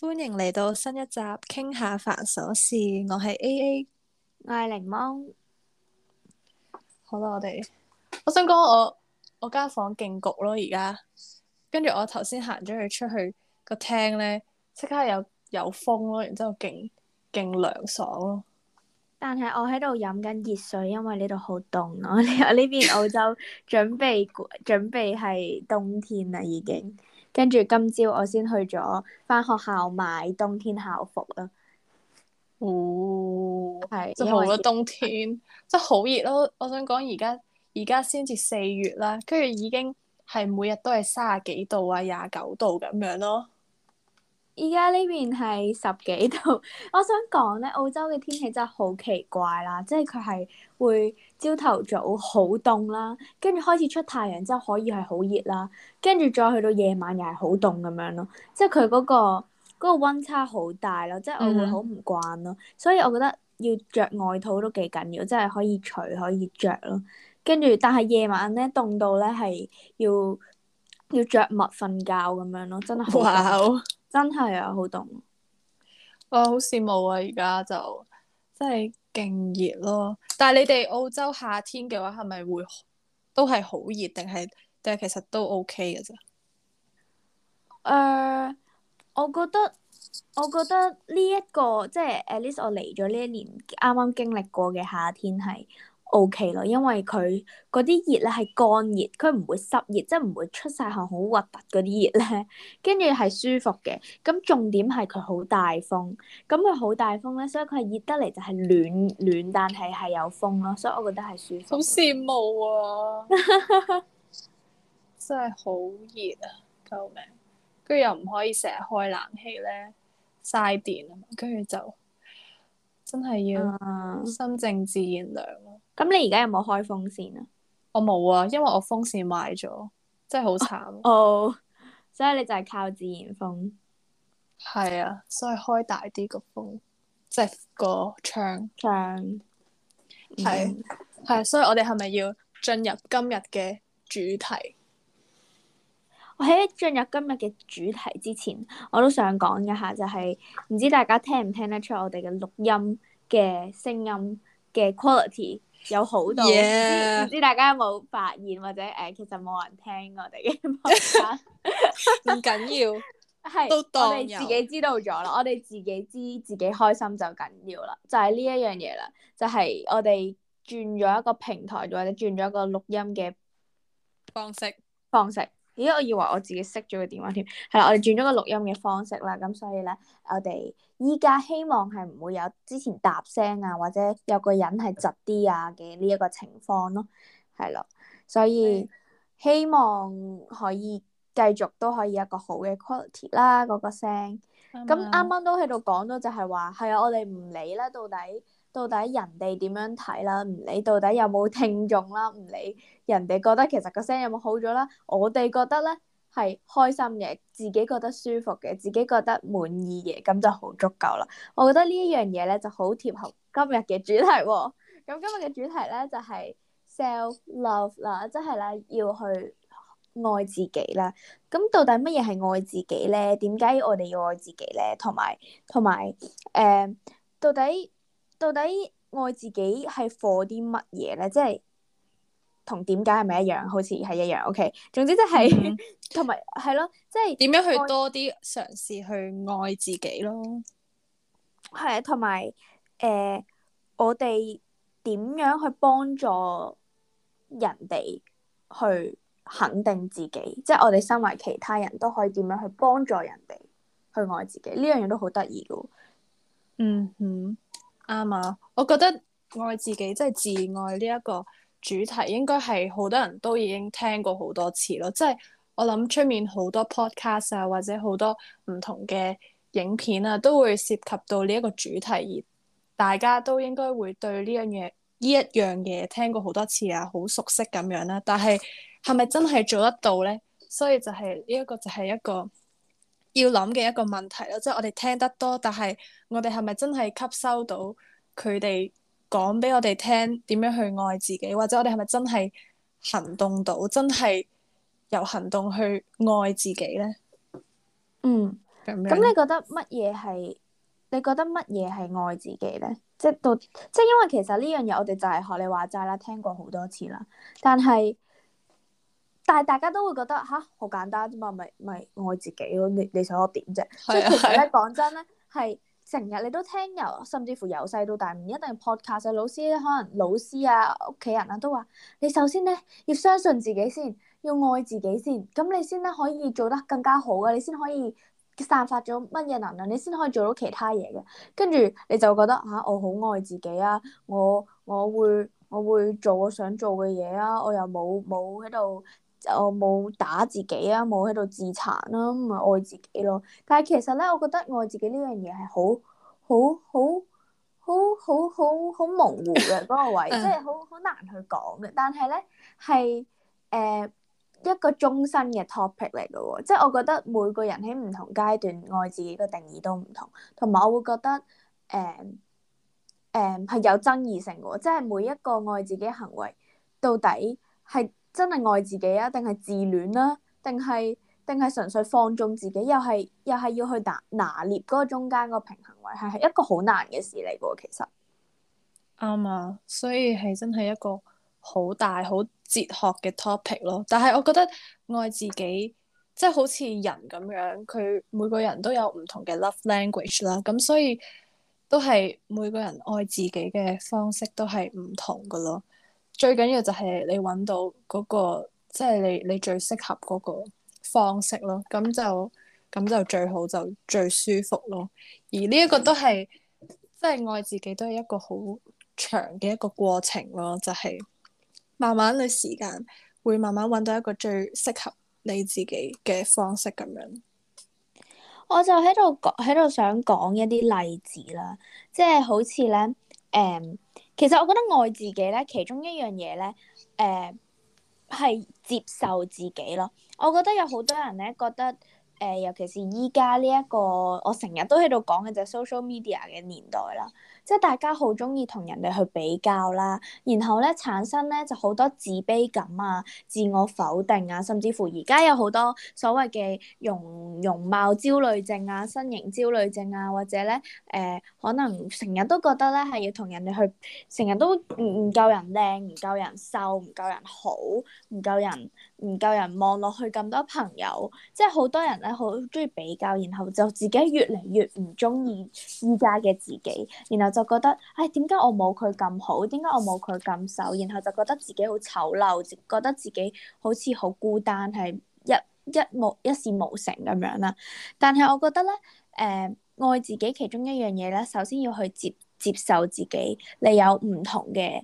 歡迎嚟到新一集，傾下煩瑣事。我係 A A，我係檸檬。好啦，我哋，我想講我我間房勁焗咯，而家，跟住我頭先行咗去出去個廳咧，即刻有有風咯，然之後勁勁涼爽咯。但係我喺度飲緊熱水，因為呢度好凍咯。我呢邊澳洲準備 準備係冬天啦，已經。跟住今朝我先去咗返學校買冬天校服啦。哦，係真係好咗冬天，真係好熱咯！我想講而家而家先至四月啦，跟住已經係每日都係三十幾度啊，廿九度咁樣咯。而家呢邊係十幾度，我想講咧，澳洲嘅天氣真係好奇怪啦，即係佢係會朝頭早好凍啦，跟住開始出太陽之後可以係好熱啦，跟住再去到夜晚又係好凍咁樣咯，即係佢嗰個嗰個溫差好大咯，即係我會好唔慣咯，mm hmm. 所以我覺得要着外套都幾緊要，即係可以除可以着咯，跟住但係夜晚咧凍到咧係要要着襪瞓覺咁樣咯，真係好。Wow. 真係啊，好凍！我好羨慕啊，而家就真係勁熱咯。但係你哋澳洲夏天嘅話，係咪會都係好熱，定係定係其實都 OK 嘅咋？誒、呃，我覺得、呢個、我覺得呢一個即係 at least 我嚟咗呢一年啱啱經歷過嘅夏天係。O K 咯，因為佢嗰啲熱咧係乾熱，佢唔會濕熱，即係唔會出晒汗，好核突嗰啲熱咧，跟住係舒服嘅。咁重點係佢好大風，咁佢好大風咧，所以佢係熱得嚟就係暖暖，但係係有風咯，所以我覺得係舒服。好羨慕啊！ 真係好熱啊！救命！跟住又唔可以成日開冷氣咧，嘥電啊！跟住就真係要心靜自然涼。啊咁你而家有冇開風扇啊？我冇啊，因為我風扇買咗，真係好慘哦。所以你就係靠自然風，係啊。所以開大啲個風，即係個窗，窗，係，係。所以我哋係咪要進入今日嘅主題？我喺進入今日嘅主題之前，我都想講一下，就係唔知大家聽唔聽得出我哋嘅錄音嘅聲音嘅 quality。有好多，嘢，唔知大家有冇發現，或者誒、呃，其實冇人聽我哋嘅，唔緊要，係都當我哋自己知道咗啦，我哋自己知自己開心就緊要啦，就係呢一樣嘢啦，就係、是、我哋轉咗一個平台，或者轉咗一個錄音嘅方式，方式。方式咦，我以為我自己熄咗個電話添，係啦，我哋轉咗個錄音嘅方式啦，咁所以咧，我哋依家希望係唔會有之前答聲啊，或者有個人係窒啲啊嘅呢一個情況咯，係咯，所以希望可以繼續都可以有一個好嘅 quality 啦，嗰個聲。咁啱啱都喺度講到就係話，係啊，我哋唔理啦，到底到底人哋點樣睇啦，唔理到底有冇聽眾啦，唔理。人哋覺得其實個聲有冇好咗啦，我哋覺得咧係開心嘅，自己覺得舒服嘅，自己覺得滿意嘅，咁就好足夠啦。我覺得呢一樣嘢咧就好貼合今日嘅主題，哦。咁今日嘅主題咧就係、是、self love 啦，即係咧要去愛自己啦。咁到底乜嘢係愛自己咧？點解我哋要愛自己咧？同埋同埋誒，到底到底愛自己係 for 啲乜嘢咧？即係。同點解係咪一樣？好似係一樣。OK，總之即係同埋係咯，即係點樣去多啲嘗試去愛自己咯。係啊，同埋誒，我哋點樣去幫助人哋去肯定自己？即係我哋身為其他人都可以點樣去幫助人哋去愛自己？呢樣嘢都好得意嘅喎。嗯哼，啱啊！我覺得愛自己即係自愛呢一個。主題應該係好多人都已經聽過好多次咯，即係我諗出面好多 podcast 啊，或者好多唔同嘅影片啊，都會涉及到呢一個主題，而大家都應該會對呢樣嘢呢一樣嘢聽過好多次啊，好熟悉咁樣啦。但係係咪真係做得到咧？所以就係呢一個就係一個要諗嘅一個問題咯。即係我哋聽得多，但係我哋係咪真係吸收到佢哋？講俾我哋聽點樣去愛自己，或者我哋係咪真係行動到，真係由行動去愛自己呢？嗯，咁樣，嗯，你覺得乜嘢係？你覺得乜嘢係愛自己呢？即係到，即係因為其實呢樣嘢我哋就係學你話齋啦，聽過好多次啦。但係，但係大家都會覺得吓，好簡單啫嘛，咪咪愛自己。你你想我點啫？即係的其實咧，講的真咧，係。成日你都聽由，甚至乎由細到大，唔一定係 podcast。老師咧，可能老師啊、屋企人啊都話，你首先咧要相信自己先，要愛自己先，咁你先咧可以做得更加好啊！你先可以散發咗乜嘢能量，你先可以做到其他嘢嘅。跟住你就覺得嚇、啊，我好愛自己啊！我我會我會做我想做嘅嘢啊！我又冇冇喺度。就冇打自己啊，冇喺度自殘啦、啊，咁咪愛自己咯。但係其實咧，我覺得愛自己呢樣嘢係好好好好好好好好模糊嘅嗰個位 即、呃個啊，即係好好難去講嘅。但係咧係誒一個終身嘅 topic 嚟嘅喎，即係我覺得每個人喺唔同階段愛自己嘅定義都唔同，同埋我會覺得誒誒係有爭議性嘅，即係每一個愛自己行為到底係。真係愛自己啊，定係自戀啦、啊，定係定係純粹放縱自己，又係又係要去拿拿捏嗰個中間個平衡位，係係一個好難嘅事嚟噶，其實。啱、嗯、啊，所以係真係一個好大好哲學嘅 topic 咯。但係我覺得愛自己，即、就、係、是、好似人咁樣，佢每個人都有唔同嘅 love language 啦。咁所以都係每個人愛自己嘅方式都係唔同噶咯。最緊要就係你揾到嗰個，即係你你最適合嗰個方式咯。咁就咁就最好就最舒服咯。而呢一個都係，即係愛自己都係一個好長嘅一個過程咯。就係慢慢你時間會慢慢揾到一個最適合你自己嘅方式咁樣。我就喺度講，喺度想講一啲例子啦，即係好似咧，誒。其實我覺得愛自己咧，其中一樣嘢咧，誒、呃、係接受自己咯。我覺得有好多人咧覺得，誒、呃、尤其是依家呢一個我成日都喺度講嘅就係 social media 嘅年代啦。即係大家好中意同人哋去比較啦，然後咧產生咧就好多自卑感啊、自我否定啊，甚至乎而家有好多所謂嘅容容貌焦慮症啊、身形焦慮症啊，或者咧誒、呃、可能成日都覺得咧係要同人哋去，成日都唔夠人靚、唔夠人瘦、唔夠人好、唔夠人。嗯唔夠人望落去咁多朋友，即係好多人咧，好中意比較，然後就自己越嚟越唔中意依家嘅自己，然後就覺得，唉、哎，點解我冇佢咁好？點解我冇佢咁瘦？然後就覺得自己好醜陋，覺得自己好似好孤單，係一一無一，一事無成咁樣啦。但係我覺得咧，誒、呃，愛自己其中一樣嘢咧，首先要去接接受自己，你有唔同嘅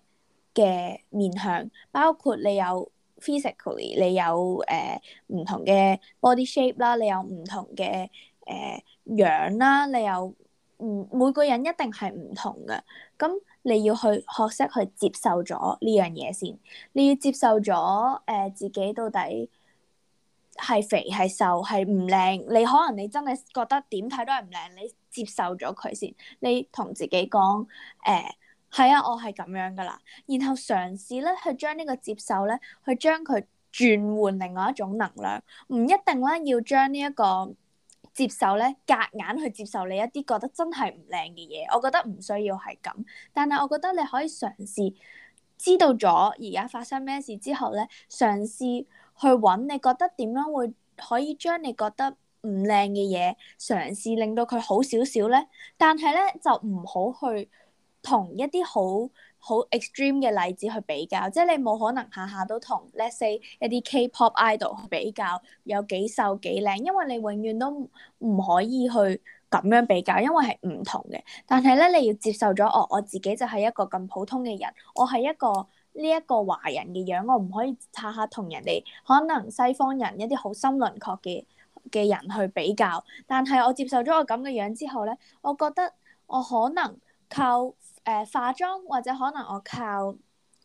嘅面向，包括你有。Physically 你有誒唔、呃、同嘅 body shape 啦、呃，你有唔同嘅誒樣啦，你有唔每個人一定係唔同嘅，咁你要去學識去接受咗呢樣嘢先，你要接受咗誒、呃、自己到底係肥係瘦係唔靚，你可能你真係覺得點睇都係唔靚，你接受咗佢先，你同自己講誒。呃係啊，我係咁樣噶啦，然後嘗試咧去將呢個接受咧，去將佢轉換另外一種能量，唔一定咧要將呢一個接受咧夾硬去接受你一啲覺得真係唔靚嘅嘢，我覺得唔需要係咁，但係我覺得你可以嘗試知道咗而家發生咩事之後咧，嘗試去揾你覺得點樣會可以將你覺得唔靚嘅嘢嘗試令到佢好少少咧，但係咧就唔好去。同一啲好好 extreme 嘅例子去比較，即係你冇可能下下都同 let's say 一啲 K-pop idol 去比較，有幾瘦幾靚，因為你永遠都唔可以去咁樣比較，因為係唔同嘅。但係咧，你要接受咗我、哦、我自己就係一個咁普通嘅人，我係一個呢一個華人嘅樣，我唔可以下下同人哋可能西方人一啲好深輪廓嘅嘅人去比較，但係我接受咗我咁嘅樣之後咧，我覺得我可能靠誒、呃、化妝或者可能我靠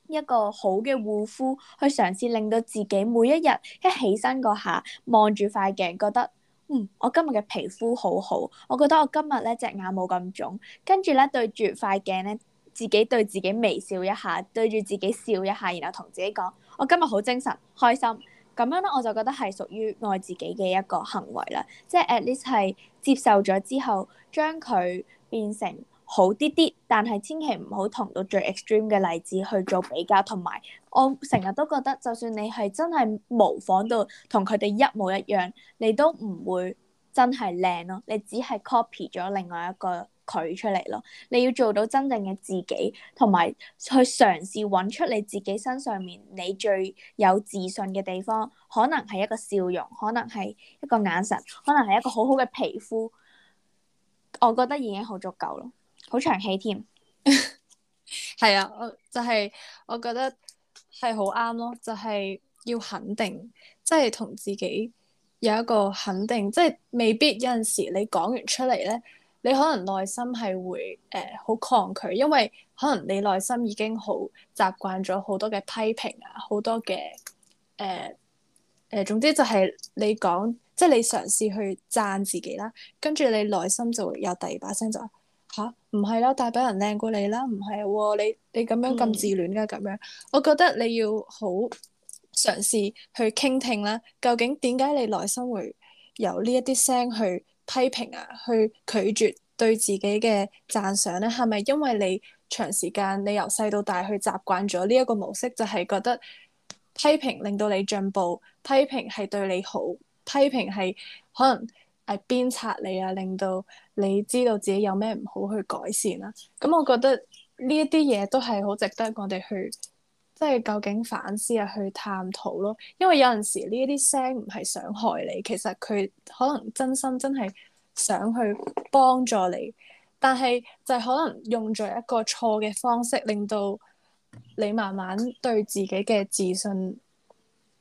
一個好嘅護膚去嘗試，令到自己每一日一起身嗰下望住塊鏡，覺得，嗯，我今日嘅皮膚好好，我覺得我今日咧隻眼冇咁腫，跟住咧對住塊鏡咧自己對自己微笑一下，對住自己笑一下，然後同自己講，我今日好精神，開心，咁樣咧我就覺得係屬於愛自己嘅一個行為啦，即係 at least 係接受咗之後將佢變成。好啲啲，但係千祈唔好同到最 extreme 嘅例子去做比較。同埋，我成日都覺得，就算你係真係模仿到同佢哋一模一樣，你都唔會真係靚咯。你只係 copy 咗另外一個佢出嚟咯。你要做到真正嘅自己，同埋去嘗試揾出你自己身上面你最有自信嘅地方。可能係一個笑容，可能係一個眼神，可能係一個好好嘅皮膚。我覺得已經好足夠咯。好長氣添，係 啊，我就係、是、我覺得係好啱咯。就係、是、要肯定，即係同自己有一個肯定，即、就、係、是、未必有陣時你講完出嚟咧，你可能內心係會誒好、呃、抗拒，因為可能你內心已經好習慣咗好多嘅批評啊，好多嘅誒誒，總之就係你講即係你嘗試去讚自己啦，跟住你內心就會有第二把聲就。嚇，唔係啦，大把人靚過你啦，唔係喎，你你咁樣咁自戀嘅咁、嗯、樣，我覺得你要好嘗試去傾聽啦，究竟點解你內心會由呢一啲聲去批評啊，去拒絕對自己嘅讚賞呢？係咪因為你長時間你由細到大去習慣咗呢一個模式，就係、是、覺得批評令到你進步，批評係對你好，批評係可能，係鞭策你啊，令到你知道自己有咩唔好去改善啦。咁我覺得呢一啲嘢都係好值得我哋去，即係究竟反思啊，去探討咯。因為有陣時呢一啲聲唔係想害你，其實佢可能真心真係想去幫助你，但係就是可能用咗一個錯嘅方式，令到你慢慢對自己嘅自信。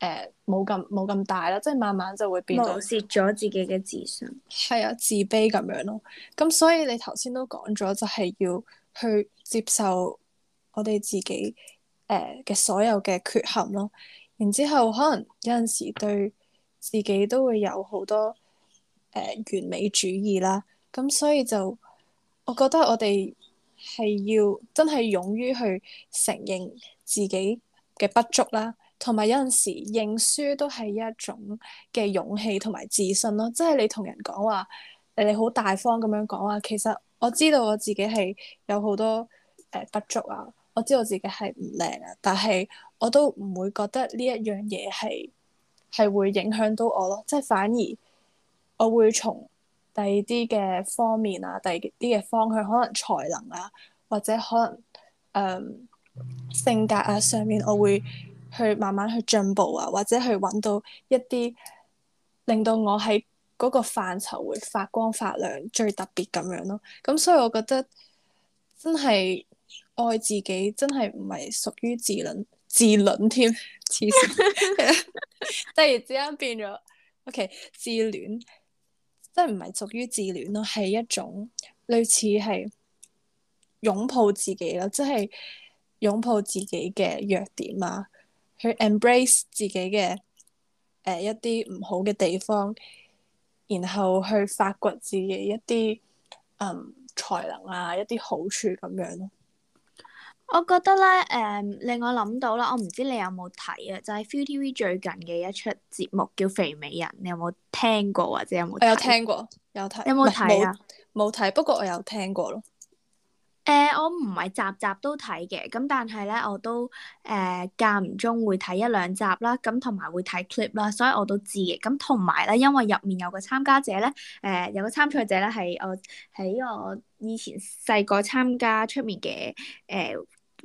誒，冇咁冇咁大啦，即係慢慢就會變。冇蝕咗自己嘅自信。係啊，自卑咁樣咯。咁所以你頭先都講咗，就係、是、要去接受我哋自己誒嘅、呃、所有嘅缺陷咯。然之後可能有陣時對自己都會有好多誒、呃、完美主義啦。咁所以就我覺得我哋係要真係勇於去承認自己嘅不足啦。同埋有陣時認輸都係一種嘅勇氣同埋自信咯，即係你同人講話，誒你好大方咁樣講話，其實我知道我自己係有好多誒不足啊，我知道我自己係唔靚啊，但係我都唔會覺得呢一樣嘢係係會影響到我咯，即係反而我會從第二啲嘅方面啊，第二啲嘅方向，可能才能啊，或者可能誒、嗯、性格啊上面，我會，去慢慢去進步啊，或者去揾到一啲令到我喺嗰個範疇會發光發亮、最特別咁樣咯。咁所以我覺得真係愛自己，真係唔係屬於自戀，自戀添，黐線， 突然之間變咗。O K，自戀，即係唔係屬於自戀咯，係一種類似係擁抱自己啦，即係擁抱自己嘅弱點啊。去 embrace 自己嘅誒、呃、一啲唔好嘅地方，然後去發掘自己一啲嗯才能啊一啲好處咁樣咯。我覺得咧誒、嗯、令我諗到啦，我唔知你有冇睇啊？就係 ViuTV 最近嘅一齣節目叫《肥美人》，你有冇聽過或者有冇？我有聽過，有睇。有冇睇啊？冇睇，不過我有聽過咯。誒、呃，我唔係集集都睇嘅，咁但係咧，我都誒間唔中會睇一兩集啦，咁同埋會睇 clip 啦，所以我都知嘅。咁同埋咧，因為入面有個參加者咧，誒、呃、有個參賽者咧係我喺我以前細個參加出面嘅誒、呃、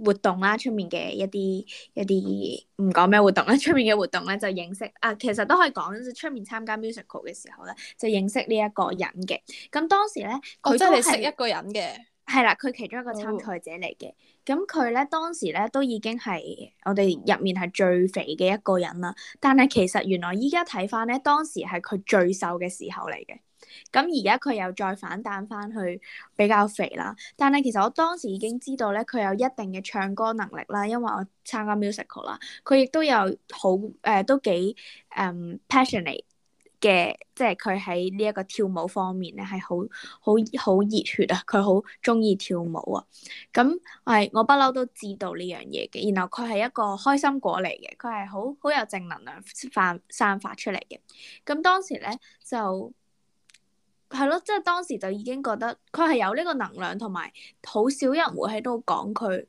活動啦，出面嘅一啲一啲唔講咩活動啦，出面嘅活動咧就認識啊，其實都可以講出面參加 musical 嘅時候咧就認識呢一個人嘅。咁當時咧，佢都係。係啦，佢其中一個參賽者嚟嘅，咁佢咧當時咧都已經係我哋入面係最肥嘅一個人啦。但係其實原來依家睇翻咧，當時係佢最瘦嘅時候嚟嘅。咁而家佢又再反彈翻去比較肥啦。但係其實我當時已經知道咧，佢有一定嘅唱歌能力啦，因為我參加 musical 啦。佢亦都有好誒、呃，都幾誒、um, passionate。嘅，即係佢喺呢一個跳舞方面咧，係好好好熱血啊！佢好中意跳舞啊！咁係我不嬲都知道呢樣嘢嘅，然後佢係一個開心果嚟嘅，佢係好好有正能量散散發出嚟嘅。咁當時咧就係咯，即係、就是、當時就已經覺得佢係有呢個能量，同埋好少人會喺度講佢。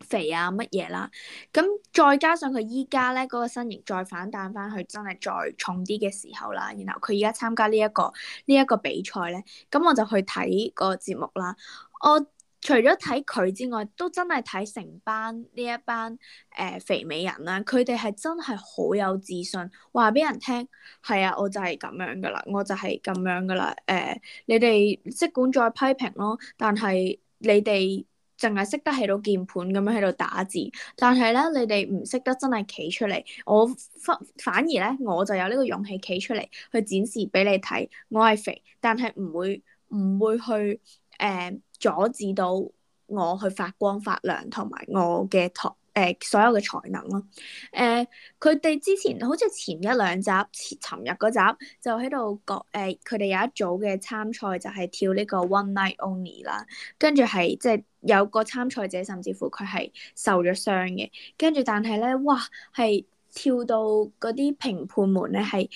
肥啊乜嘢啦，咁再加上佢依家咧嗰個身形再反彈翻去，真係再重啲嘅時候啦。然後佢而家參加呢、呢、一個呢一、呢個比賽咧，咁我就去睇個節目啦。我除咗睇佢之外，都真係睇成班呢一班誒、呃、肥美人啦。佢哋係真係好有自信，話俾人聽係啊，我就係咁樣噶啦，我就係咁樣噶啦。誒、呃，你哋即管再批評咯，但係你哋。淨係識得喺度鍵盤咁樣喺度打字，但係咧，你哋唔識得真係企出嚟。我反反而咧，我就有呢個勇氣企出嚟去展示俾你睇，我係肥，但係唔會唔會去誒、呃、阻止到我去發光發亮同埋我嘅才誒所有嘅才能咯。誒佢哋之前好似前一兩集，前尋日嗰集就喺度講誒，佢、呃、哋有一組嘅參賽就係跳呢個 One Night Only 啦，跟住係即係，就是有個參賽者甚至乎佢係受咗傷嘅，跟住但係呢，哇，係跳到嗰啲評判們呢係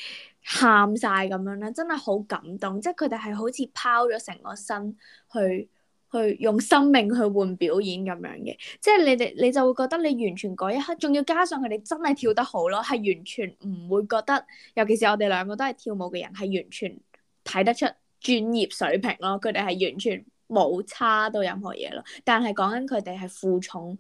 喊晒咁樣啦，真係好感動，即係佢哋係好似拋咗成個身去去用生命去換表演咁樣嘅，即係你哋你就會覺得你完全嗰一刻，仲要加上佢哋真係跳得好咯，係完全唔會覺得，尤其是我哋兩個都係跳舞嘅人，係完全睇得出專業水平咯，佢哋係完全。冇差到任何嘢咯，但係講緊，佢哋係負重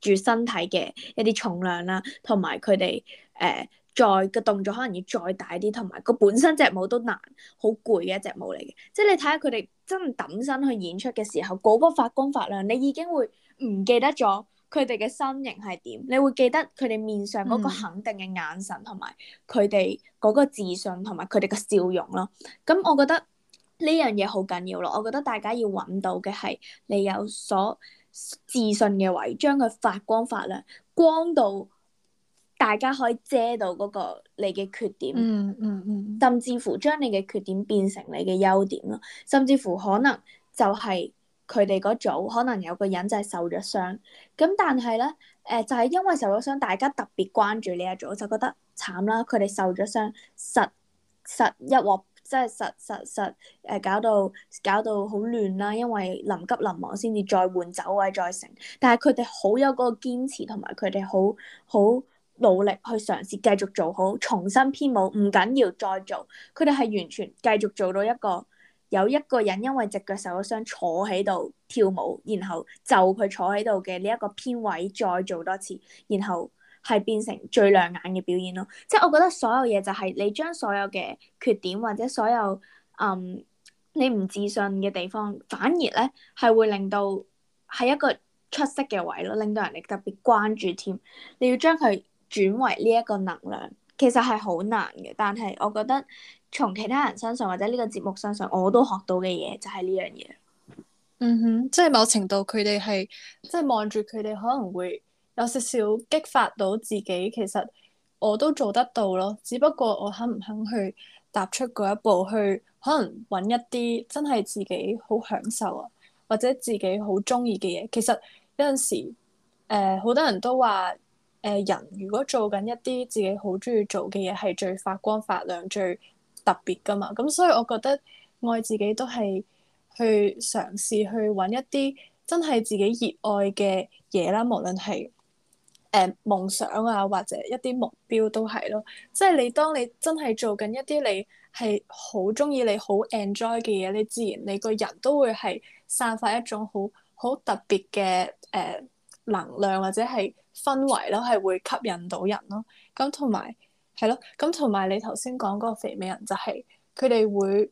住身體嘅一啲重量啦，同埋佢哋誒再嘅動作可能要再大啲，同埋個本身隻舞都難，好攰嘅一隻舞嚟嘅。即係你睇下佢哋真係抌身去演出嘅時候，嗰個發光發亮，你已經會唔記得咗佢哋嘅身形係點，你會記得佢哋面上嗰個肯定嘅眼神，同埋佢哋嗰個自信，同埋佢哋嘅笑容咯。咁我覺得。呢樣嘢好緊要咯，我覺得大家要揾到嘅係你有所自信嘅位，將佢發光發亮，光到大家可以遮到嗰個你嘅缺點，嗯嗯嗯，嗯嗯甚至乎將你嘅缺點變成你嘅優點咯，甚至乎可能就係佢哋嗰組可能有個人就係受咗傷，咁但係咧，誒就係、是、因為受咗傷，大家特別關注你嘅組，就覺得慘啦，佢哋受咗傷，實實一鑊。即係實實實誒，搞到搞到好亂啦，因為臨急臨忙先至再換走位再成，但係佢哋好有個堅持，同埋佢哋好好努力去嘗試繼續做好重新編舞，唔緊要再做，佢哋係完全繼續做到一個有一個人因為隻腳受咗傷坐喺度跳舞，然後就佢坐喺度嘅呢一個編位再做多次，然後。係變成最亮眼嘅表演咯，即係我覺得所有嘢就係你將所有嘅缺點或者所有，嗯，你唔自信嘅地方，反而咧係會令到係一個出色嘅位咯，令到人哋特別關注添。你要將佢轉為呢一個能量，其實係好難嘅。但係我覺得從其他人身上或者呢個節目身上，我都學到嘅嘢就係呢樣嘢。嗯哼，即係某程度佢哋係，即係望住佢哋可能會。有少少激發到自己，其實我都做得到咯。只不過我肯唔肯去踏出嗰一步去，去可能揾一啲真係自己好享受啊，或者自己好中意嘅嘢。其實有陣時，誒、呃、好多人都話，誒、呃、人如果做緊一啲自己好中意做嘅嘢，係最發光發亮、最特別㗎嘛。咁所以我覺得愛自己都係去嘗試去揾一啲真係自己熱愛嘅嘢啦，無論係。誒，夢想啊，或者一啲目標都係咯，即係你當你真係做緊一啲你係好中意、你好 enjoy 嘅嘢，你自然你個人都會係散發一種好好特別嘅誒能量或者係氛圍咯，係會吸引到人咯。咁同埋係咯，咁同埋你頭先講嗰個肥美人就係佢哋會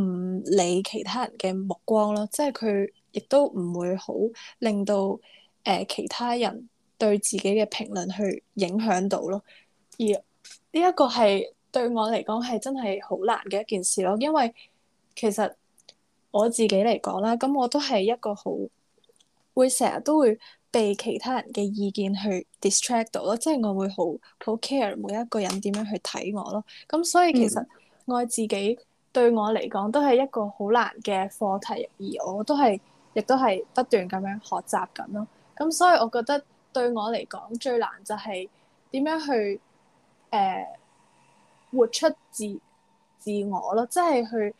唔理其他人嘅目光咯，即係佢亦都唔會好令到誒、呃、其他人，對自己嘅評論去影響到咯，而呢一個係對我嚟講係真係好難嘅一件事咯，因為其實我自己嚟講啦，咁我都係一個好會成日都會被其他人嘅意見去 distract 到咯，即係我會好好 care 每一個人點樣去睇我咯，咁所以其實愛自己對我嚟講都係一個好難嘅課題，而我都係亦都係不斷咁樣學習緊咯，咁所以我覺得。對我嚟講，最難就係點樣去誒、呃、活出自自我咯，即係去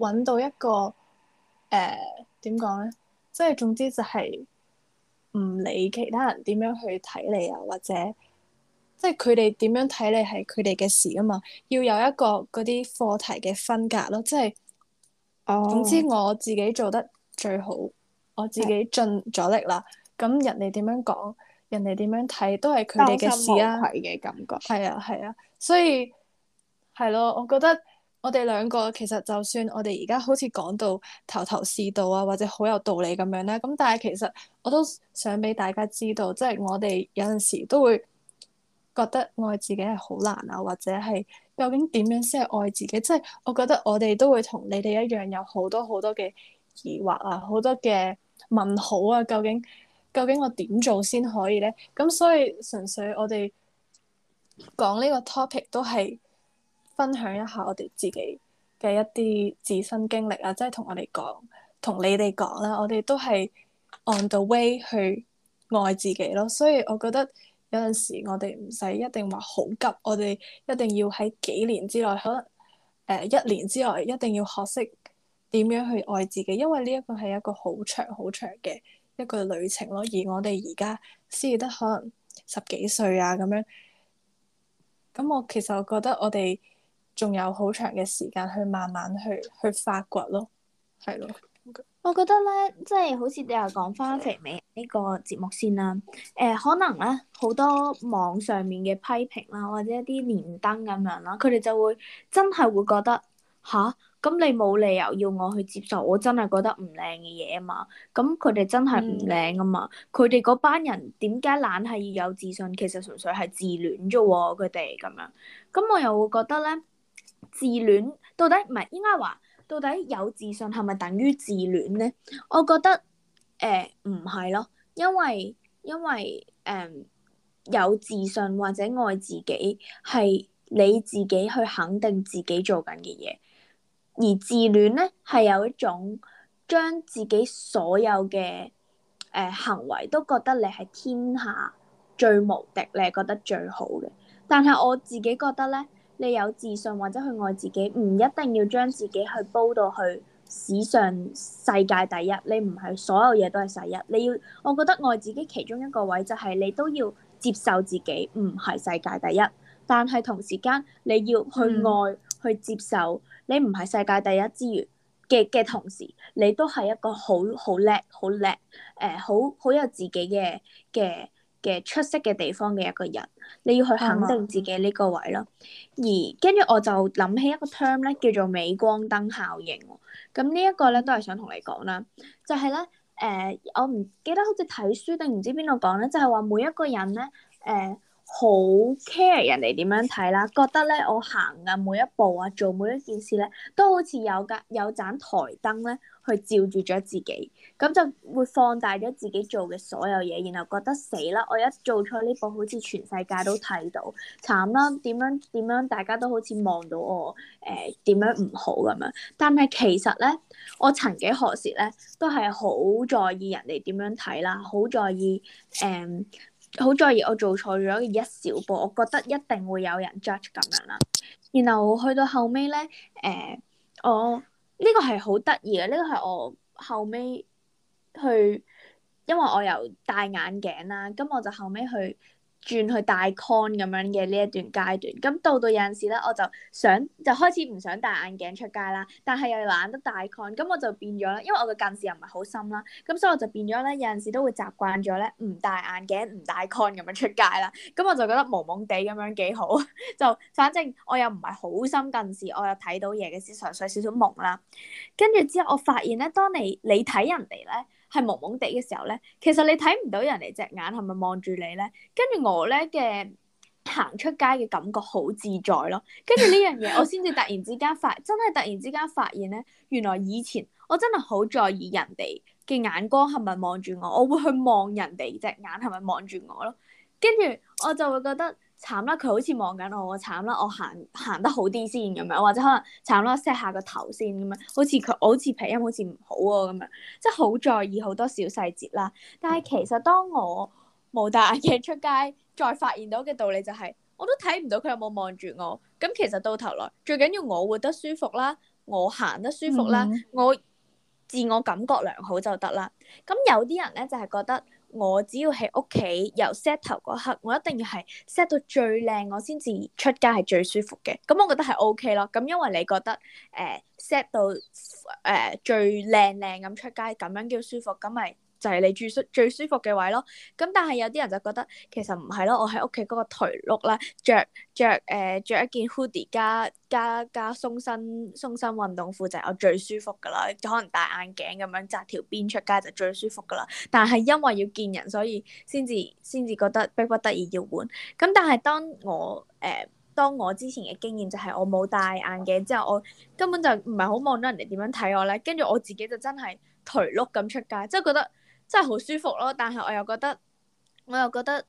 揾到一個誒點講咧，即係總之就係唔理其他人點樣去睇你啊，或者即係佢哋點樣睇你係佢哋嘅事啊嘛，要有一個嗰啲課題嘅分隔咯，即係總之我自己做得最好，oh. 我自己盡咗力啦。Oh. 咁人哋點樣講，人哋點樣睇，都係佢哋嘅事啊。係嘅感覺。係啊，係啊，所以係咯，我覺得我哋兩個其實就算我哋而家好似講到頭頭是道啊，或者好有道理咁樣咧，咁但係其實我都想俾大家知道，即係我哋有陣時都會覺得愛自己係好難啊，或者係究竟點樣先係愛自己？即係我覺得我哋都會同你哋一樣，有好多好多嘅疑惑啊，好多嘅問號啊，究竟？究竟我點做先可以呢？咁所以純粹我哋講呢個 topic 都係分享一下我哋自己嘅一啲自身經歷啊，即係同我哋講，同你哋講啦。我哋都係 on the way 去愛自己咯。所以我覺得有陣時我哋唔使一定話好急，我哋一定要喺幾年之內，可能，呃，一年之內一定要學識點樣去愛自己，因為呢一個係一個好長好長嘅一個旅程咯，而我哋而家先至得可能十幾歲啊咁樣，咁我其實我覺得我哋仲有好長嘅時間去慢慢去去發掘咯，係咯。我覺得咧，即係好似你又講翻肥美呢個節目先啦，誒、呃，可能咧好多網上面嘅批評啦，或者一啲連登咁樣啦，佢哋就會真係會覺得吓。咁你冇理由要我去接受我真係覺得唔靚嘅嘢啊嘛。咁佢哋真係唔靚啊嘛。佢哋嗰班人點解懶係要有自信？其實純粹係自戀啫。喎，佢哋咁樣，咁我又會覺得咧，自戀到底唔係應該話到底有自信係咪等於自戀咧？我覺得誒唔係咯，因為因為誒、呃、有自信或者愛自己係你自己去肯定自己做緊嘅嘢。而自戀呢係有一種將自己所有嘅誒、呃、行為都覺得你係天下最無敵，你係覺得最好嘅。但係我自己覺得呢，你有自信或者去愛自己，唔一定要將自己去煲到去史上世界第一。你唔係所有嘢都係世一，你要我覺得愛自己其中一個位就係你都要接受自己唔係世界第一，但係同時間你要去愛、嗯、去接受。你唔係世界第一之餘嘅嘅同時，你都係一個好好叻、好叻，誒好好有自己嘅嘅嘅出色嘅地方嘅一個人，你要去肯定自己呢個位咯。嗯、而跟住我就諗起一個 term 咧，叫做美光燈效應。咁呢一個咧都係想同你講啦，就係咧誒，我唔記得好似睇書定唔知邊度講咧，就係話每一個人咧誒。呃好 care 人哋點樣睇啦，覺得咧我行嘅，啊、每一步啊，做每一件事咧，都好似有架有盞台燈咧去照住咗自己，咁就會放大咗自己做嘅所有嘢，然後覺得死啦！我一做錯呢步，好似全世界都睇到，慘啦！點樣點樣大家都好似望到我誒點、呃、樣唔好咁樣，但係其實咧，我曾幾何時咧都係好在意人哋點樣睇啦，好在意誒。嗯好在意我做錯咗一小步，我覺得一定會有人 judge 咁樣啦。然後去到後尾咧，誒、呃，我呢個係好得意嘅，呢、這個係我後尾去，因為我有戴眼鏡啦，咁我就後尾去。轉去戴 con 咁樣嘅呢一段階段，咁到到有陣時咧，我就想就開始唔想戴眼鏡出街啦，但係又懶得戴 con，咁我就變咗咧，因為我嘅近視又唔係好深啦，咁所以我就變咗咧，有陣時都會習慣咗咧唔戴眼鏡、唔戴 con 咁樣出街啦，咁我就覺得朦朦地咁樣幾好， 就反正我又唔係好深近視，我又睇到嘢嘅之常，所以少少朦啦。跟住之後，我發現咧，當你你睇人哋咧。係矇矇地嘅時候咧，其實你睇唔到人哋隻眼係咪望住你咧，跟住我咧嘅行出街嘅感覺好自在咯。跟住呢樣嘢，我先至突然之間發， 真係突然之間發現咧，原來以前我真係好在意人哋嘅眼光係咪望住我，我會去望人哋隻眼係咪望住我咯，跟住我就會覺得。慘啦，佢好似望緊我，慘啦，我行行得好啲先咁樣，或者可能慘啦，set 下個頭先咁樣，好似佢好似皮音好似唔好喎、啊、咁樣，即係好在意好多小細節啦。但係其實當我冇戴眼鏡出街，再發現到嘅道理就係、係，我都睇唔到佢有冇望住我。咁其實到頭來，最緊要我活得舒服啦，我行得舒服啦，嗯、我自我感覺良好就得啦。咁有啲人咧就係、係、覺得。我只要喺屋企由 set 頭嗰刻，我一定要係 set 到最靚，我先至出街係最舒服嘅。咁我覺得係 OK 咯。咁因為你覺得誒 set、呃、到誒、呃、最靚靚咁出街，咁樣叫舒服，咁咪。就係你住舒最舒服嘅位咯，咁但係有啲人就覺得其實唔係咯，我喺屋企嗰個頹碌啦，着著誒著一件 hoodie 加加加鬆身鬆身運動褲就係我最舒服噶啦，可能戴眼鏡咁樣紮條辮出街就最舒服噶啦，但係因為要見人，所以先至先至覺得迫不得已要換，咁但係當我誒、呃、當我之前嘅經驗就係我冇戴眼鏡之後，就是、我根本就唔係好望到人哋點樣睇我咧，跟住我自己就真係頹碌咁出街，即係覺得。真係好舒服咯，但係我又覺得，我又覺得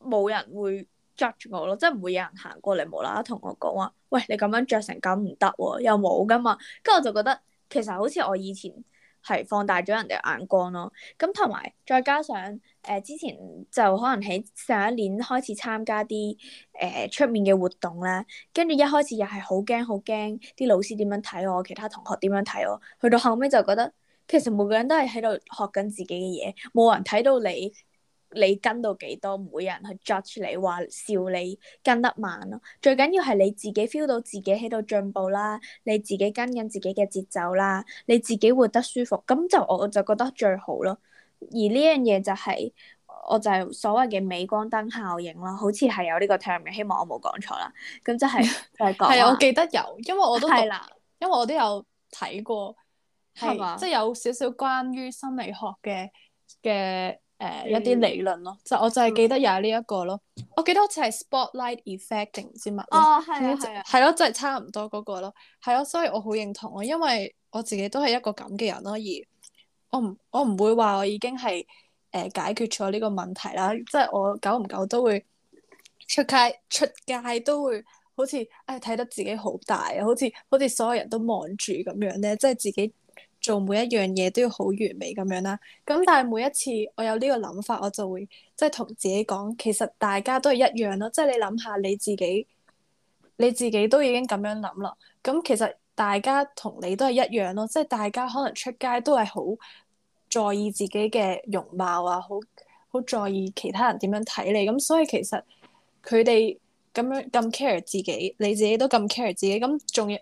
冇人會 judge 我咯，真係唔會有人行過嚟無啦啦同我講話，喂，你咁樣着成咁唔得喎，又冇噶嘛，跟住我就覺得其實好似我以前係放大咗人哋眼光咯，咁同埋再加上誒、呃、之前就可能喺上一年開始參加啲誒出面嘅活動咧，跟住一開始又係好驚好驚啲老師點樣睇我，其他同學點樣睇我，去到後尾就覺得。其實每個人都係喺度學緊自己嘅嘢，冇人睇到你你跟到幾多，冇人去 judge 你話笑你跟得慢咯。最緊要係你自己 feel 到自己喺度進步啦，你自己跟緊自己嘅節奏啦，你自己活得舒服，咁就我就覺得最好咯。而呢樣嘢就係、是、我就係所謂嘅鎂光燈效應啦，好似係有呢個 term 嘅，希望我冇講錯啦。咁即係係我記得有，因為我都係啦，因為我都有睇過。係即係有少少關於心理學嘅嘅誒一啲理論咯，嗯、就我就係記得有呢一個咯。嗯、我記得好似係 Spotlight Effect 定唔知乜嘢咯，係、哦、啊係係咯，即係差唔多嗰個咯，係咯、啊，所以我好認同啊，因為我自己都係一個咁嘅人咯、啊。而我唔我唔會話我已經係誒、呃、解決咗呢個問題啦。即、就、係、是、我久唔久都會出街出街都會好似誒睇得自己好大啊，好似好似所有人都望住咁樣咧，即、就、係、是、自己。做每一樣嘢都要好完美咁樣啦，咁但係每一次我有呢個諗法，我就會即係同自己講，其實大家都係一樣咯，即係你諗下你自己，你自己都已經咁樣諗啦，咁其實大家同你都係一樣咯，即係大家可能出街都係好在意自己嘅容貌啊，好好在意其他人點樣睇你，咁所以其實佢哋咁樣咁 care 自己，你自己都咁 care 自己，咁仲要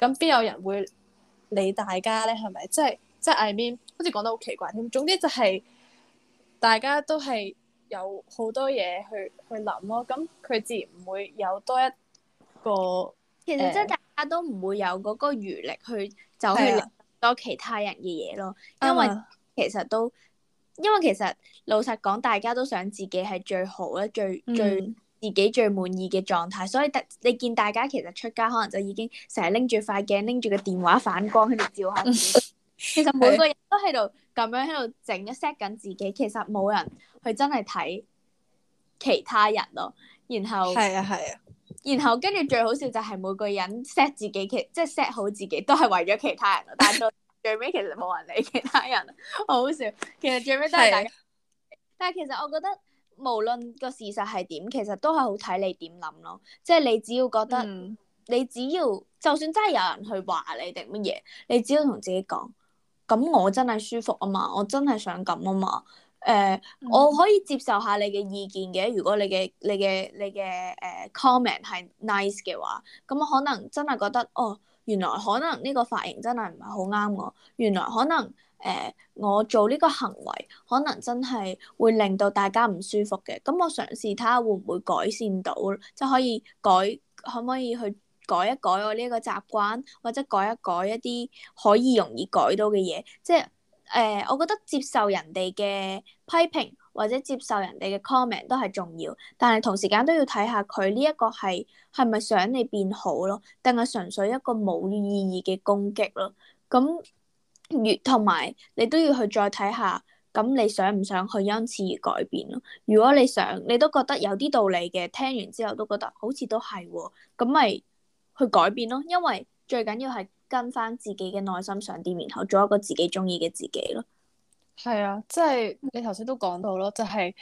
咁邊有人會？你大家咧，係咪即係即係 I mean，好似講得好奇怪添。總之就係大家都係有好多嘢去去諗咯。咁佢自然唔會有多一個，其實即係大家都唔會有嗰個餘力去走去諗多其他人嘅嘢咯。係，啊因。因為其實都因為其實老實講，大家都想自己係最好啦，最最。嗯自己最滿意嘅狀態，所以大你見大家其實出街可能就已經成日拎住塊鏡，拎住個電話反光喺度照下自己。 其實每個人都喺度咁樣喺度整一 set 緊自己，其實冇人去真係睇其他人咯。然後係啊係啊，啊然後跟住最好笑就係每個人 set 自己其即 set 好自己都係為咗其他人，但到最尾其實冇人理其他人，好好笑。其實最尾都係大家，啊、但係其實我覺得。無論個事實係點，其實都係好睇你點諗咯。即係你只要覺得，嗯、你只要就算真係有人去話你定乜嘢，你只要同自己講，咁我真係舒服啊嘛，我真係想咁啊嘛。誒、呃，嗯、我可以接受下你嘅意見嘅，如果你嘅你嘅你嘅誒、呃、comment 係 nice 嘅話，咁可能真係覺得哦，原來可能呢個髮型真係唔係好啱我，原來可能。誒、呃，我做呢個行為可能真係會令到大家唔舒服嘅，咁我嘗試睇下會唔會改善到，即係可以改，可唔可以去改一改我呢個習慣，或者改一改一啲可以容易改到嘅嘢，即係誒、呃，我覺得接受人哋嘅批評或者接受人哋嘅 comment 都係重要，但係同時間都要睇下佢呢一個係係咪想你變好咯，定係純粹一個冇意義嘅攻擊咯，咁、嗯。同埋你都要去再睇下，咁你想唔想去因此而改變咯？如果你想，你都覺得有啲道理嘅，聽完之後都覺得好似都係、哦，咁咪去改變咯。因為最緊要係跟翻自己嘅內心想啲，然後做一個自己中意嘅自己咯。係啊，即係你頭先都講到咯，就係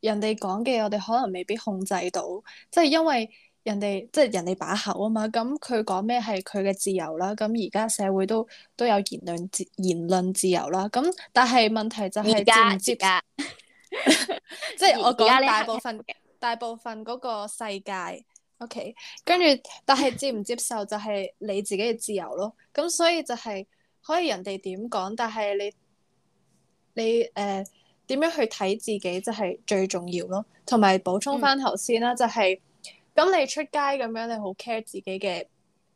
人哋講嘅，我哋可能未必控制到，即係因為。人哋即係人哋把口啊嘛，咁佢講咩係佢嘅自由啦。咁而家社會都都有言論自言論自由啦。咁但係問題就係、是、在接唔接㗎？現在 即係我講大部分大部分嗰個世界。OK，跟住但係接唔接受就係你自己嘅自由咯。咁 所以就係、是、可以人哋點講，但係你你誒點、呃、樣去睇自己即係最重要咯。同埋補充翻頭先啦，嗯、就係、就是。咁你出街咁樣，你好 care 自己嘅誒、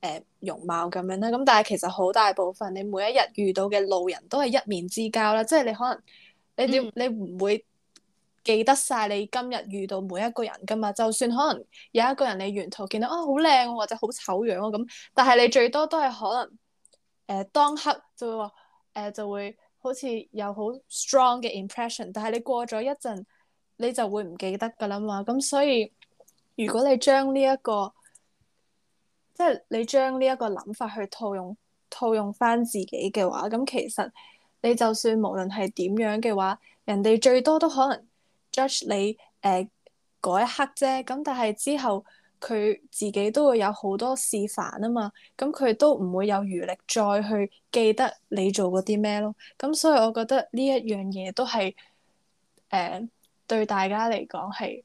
呃、容貌咁樣啦。咁但係其實好大部分，你每一日遇到嘅路人都係一面之交啦。即係你可能你點、嗯、你唔會記得晒你今日遇到每一個人噶嘛。就算可能有一個人你沿途見到、哦、啊好靚或者好醜樣啊咁，但係你最多都係可能誒、呃、當刻就會話誒、呃、就會好似有好 strong 嘅 impression。但係你過咗一陣，你就會唔記得噶啦嘛。咁所以。如果你將呢一個，即係你將呢一個諗法去套用套用返自己嘅話，咁其實你就算無論係點樣嘅話，人哋最多都可能 judge 你誒嗰、呃、一刻啫。咁但係之後佢自己都會有好多事煩啊嘛，咁佢都唔會有餘力再去記得你做過啲咩咯。咁所以我覺得呢一樣嘢都係誒、呃、對大家嚟講係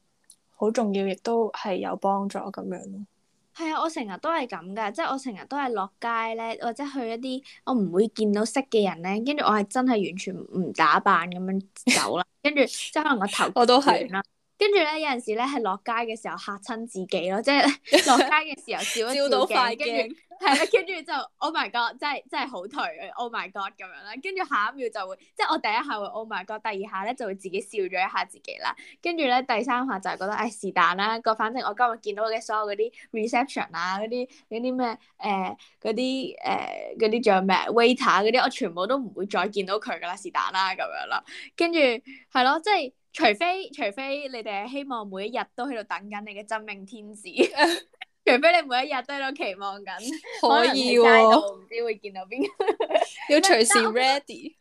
好重要，亦都係有幫助咁樣咯。係啊，我成日都係咁噶，即係我成日都係落街咧，或者去一啲我唔會見到識嘅人咧，跟住我係真係完全唔打扮咁樣走啦。跟住即係可能個頭我都係啦。跟住咧，有陣時咧係落街嘅時候嚇親自己咯，即係落 街嘅時候笑，笑， 到快鏡。后 係啦，跟住 就 Oh my God，真係真係好頹 Oh my God 咁樣啦，跟住下一秒就會，即係我第一下會 Oh my God，第二下咧就會自己笑咗一下自己啦，跟住咧第三下就係覺得唉，是但啦，個反正我今日見到嘅所有嗰啲 reception 啊，嗰啲嗰啲咩誒嗰啲誒嗰啲仲有咩 waiter 嗰啲，我全部都唔會再見到佢噶啦，就是但啦咁樣啦，跟住係咯，即係除非除非你哋係希望每一日都喺度等緊你嘅真命天子。 除非你每一日都喺度期望緊，可以喎、哦，唔知會見到邊個， 要隨時 ready。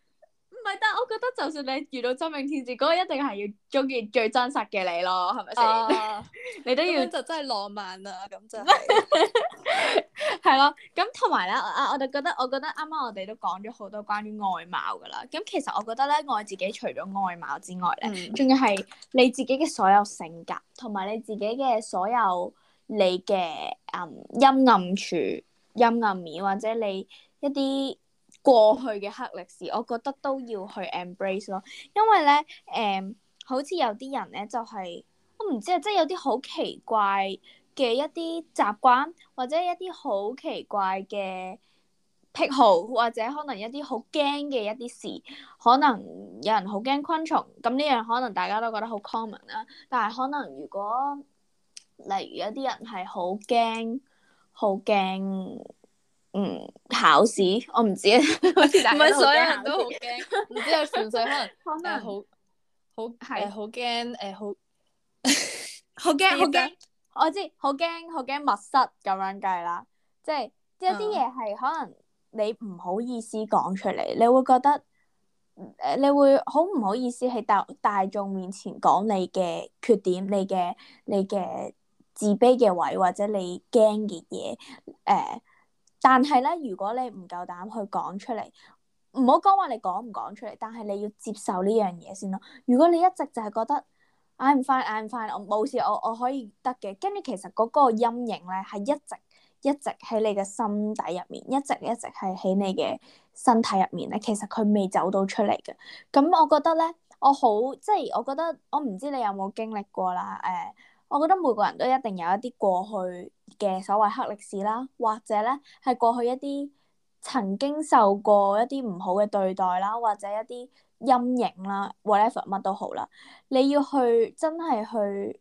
唔係，但係我覺得就算你遇到真命天子，嗰個一定係要中意最真實嘅你咯，係咪先？哦、 你都要就真係浪漫啦，咁就係、是、咯。咁同埋咧啊，我哋覺得，我覺得啱啱我哋都講咗好多關於外貌噶啦。咁其實我覺得咧，愛自己除咗外貌之外咧，仲要係你自己嘅所有性格，同埋你自己嘅所有。你嘅，嗯、陰暗處、陰暗面，或者你一啲過去嘅黑歷史，我覺得都要去 embrace 咯。因為咧，誒、嗯，好似有啲人咧，就係我唔知啊，即係有啲好奇怪嘅一啲習慣，或者一啲好奇怪嘅癖好，或者可能一啲好驚嘅一啲事，可能有人好驚昆蟲。咁呢樣可能大家都覺得好 common 啦，但係可能如果例如有啲人係好驚，好驚，嗯，考試，我唔知，唔係所有人都好驚，唔知有純粹可能誒，好好係好驚誒，好，嗯哎哎、好驚好驚，我知好驚好驚密室咁樣計啦，即係即係啲嘢係可能你唔好意思講出嚟，你會覺得誒你會好唔好意思喺大大眾面前講你嘅缺點，你嘅你嘅。你嘅自卑嘅位或者你驚嘅嘢，誒、呃，但係咧，如果你唔夠膽去講出嚟，唔好講話你講唔講出嚟，但係你要接受呢樣嘢先咯。如果你一直就係覺得 I'm fine, I'm fine，我冇事，我我可以得嘅，跟住其實嗰個陰影咧係一直一直喺你嘅心底入面，一直一直係喺你嘅身體入面咧，其實佢未走到出嚟嘅。咁我覺得咧，我好即係，我覺得我唔知你有冇經歷過啦，誒、呃。我覺得每個人都一定有一啲過去嘅所謂黑歷史啦，或者咧係過去一啲曾經受過一啲唔好嘅對待啦，或者一啲陰影啦，whatever 乜都好啦。你要去真係去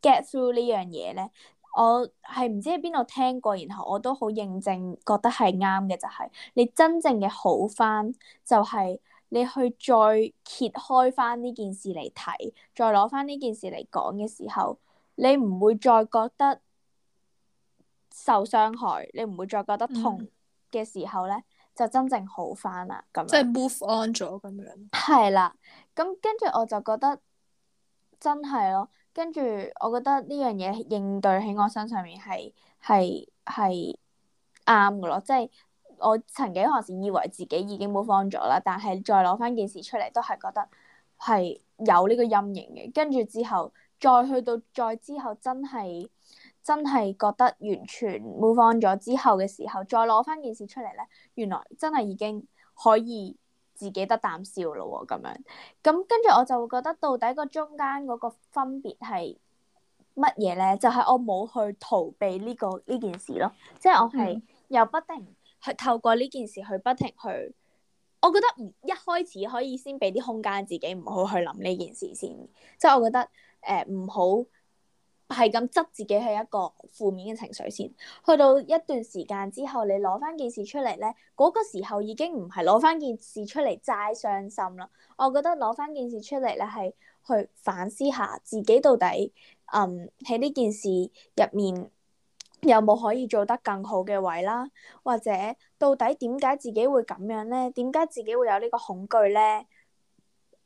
get through 呢樣嘢咧，我係唔知喺邊度聽過，然後我都好認證覺得係啱嘅，就係你真正嘅好翻就係。你去再揭開翻呢件事嚟睇，再攞翻呢件事嚟講嘅時候，你唔會再覺得受傷害，你唔會再覺得痛嘅時候咧，嗯、就真正好翻啦。咁即係 move on 咗咁樣。係啦，咁跟住我就覺得真係咯。跟住我覺得呢樣嘢應對喺我身上面係係係啱嘅咯，即係。我曾幾何時以為自己已經冇放咗啦，但係再攞翻件事出嚟，都係覺得係有呢個陰影嘅。跟住之後，再去到再之後，真係真係覺得完全冇放咗之後嘅時候，再攞翻件事出嚟咧，原來真係已經可以自己得啖笑咯喎，咁樣咁跟住我就會覺得到底個中間嗰個分別係乜嘢咧？就係、是、我冇去逃避呢、這個呢件事咯，即係我係又不停。去透過呢件事去不停去，我覺得唔一開始可以先俾啲空間自己，唔好去諗呢件事先。即係我覺得誒唔好係咁執自己係一個負面嘅情緒先。去到一段時間之後，你攞翻件事出嚟咧，嗰個時候已經唔係攞翻件事出嚟齋傷心啦。我覺得攞翻件事出嚟咧係去反思下自己到底嗯喺呢件事入面。有冇可以做得更好嘅位啦？或者到底點解自己會咁樣咧？點解自己會有呢個恐懼咧？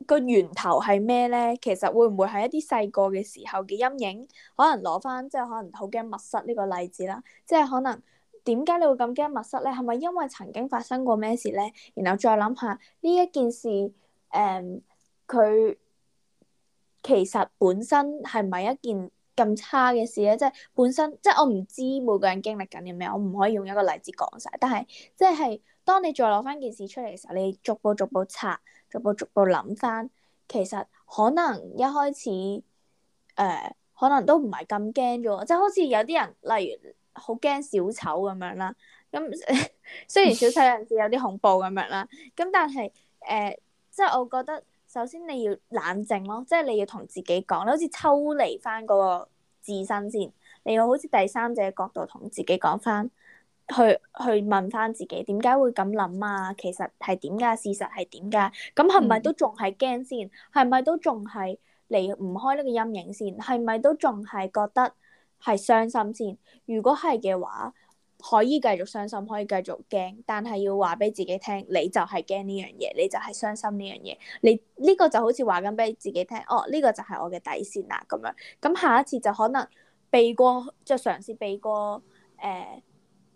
個源頭係咩咧？其實會唔會係一啲細個嘅時候嘅陰影？可能攞翻即係可能好驚密、就是、密室呢個例子啦，即係可能點解你會咁驚密室咧？係咪因為曾經發生過咩事咧？然後再諗下呢一件事，誒、嗯，佢其實本身係咪一件？咁差嘅事咧，即係本身，即係我唔知每個人經歷緊啲咩，我唔可以用一個例子講晒。但係即係當你再攞翻件事出嚟嘅時候，你逐步逐步拆，逐步逐步諗翻，其實可能一開始誒、呃，可能都唔係咁驚啫。即係好似有啲人，例如好驚小丑咁樣啦。咁 雖然小丑有陣時有啲恐怖咁樣啦，咁但係誒、呃，即係我覺得。首先你要冷靜咯，即係你要同自己講，你好似抽離翻嗰個自身先，你要好似第三者角度同自己講翻，去去問翻自己點解會咁諗啊？其實係點㗎？事實係點㗎？咁係咪都仲係驚先？係咪都仲係離唔開呢個陰影先？係咪都仲係覺得係傷心先？如果係嘅話。可以繼續傷心，可以繼續驚，但係要話俾自己聽，你就係驚呢樣嘢，你就係傷心呢樣嘢。你呢個就好似話緊俾自己聽，哦，呢個就係我嘅底線啦咁樣。咁下一次就可能避過，就嘗試避過誒、呃、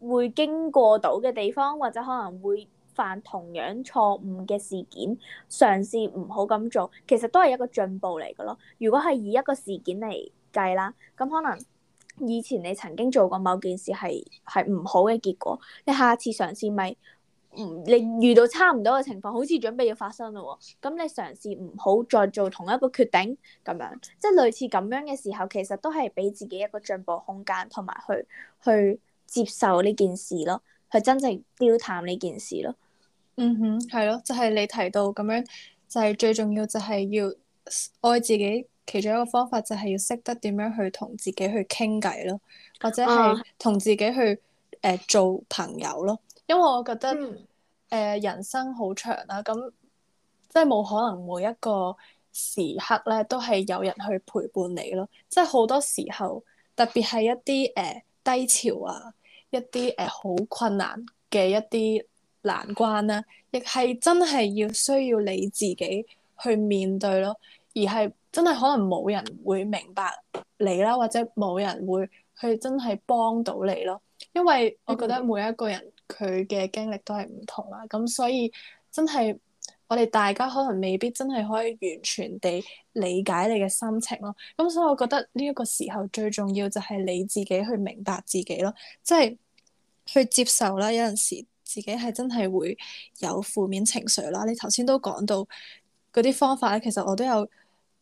會經過到嘅地方，或者可能會犯同樣錯誤嘅事件，嘗試唔好咁做，其實都係一個進步嚟嘅咯。如果係以一個事件嚟計啦，咁可能。以前你曾經做過某件事係係唔好嘅結果，你下次嘗試咪唔，你遇到差唔多嘅情況，好似準備要發生啦，咁你嘗試唔好再做同一個決定咁樣，即係類似咁樣嘅時候，其實都係俾自己一個進步空間，同埋去去接受呢件事咯，去真正丟淡呢件事咯。嗯哼，係咯，就係你提到咁樣，就係最重要就係要愛自己。其中一個方法就係要識得點樣去同自己去傾偈咯，或者係同自己去，誒、啊，呃、做朋友咯。因為我覺得誒、嗯呃、人生好長啦，咁即係冇可能每一個時刻咧都係有人去陪伴你咯。即係好多時候，特別係一啲誒、呃、低潮啊，一啲誒好困難嘅一啲難關啦、啊，亦係真係要需要你自己去面對咯，而係。真係可能冇人會明白你啦，或者冇人會去真係幫到你咯。因為我覺得每一個人佢嘅經歷都係唔同啦，咁所以真係我哋大家可能未必真係可以完全地理解你嘅心情咯。咁所以，我覺得呢一個時候最重要就係你自己去明白自己咯，即係去接受啦。有陣時自己係真係會有負面情緒啦。你頭先都講到嗰啲方法咧，其實我都有。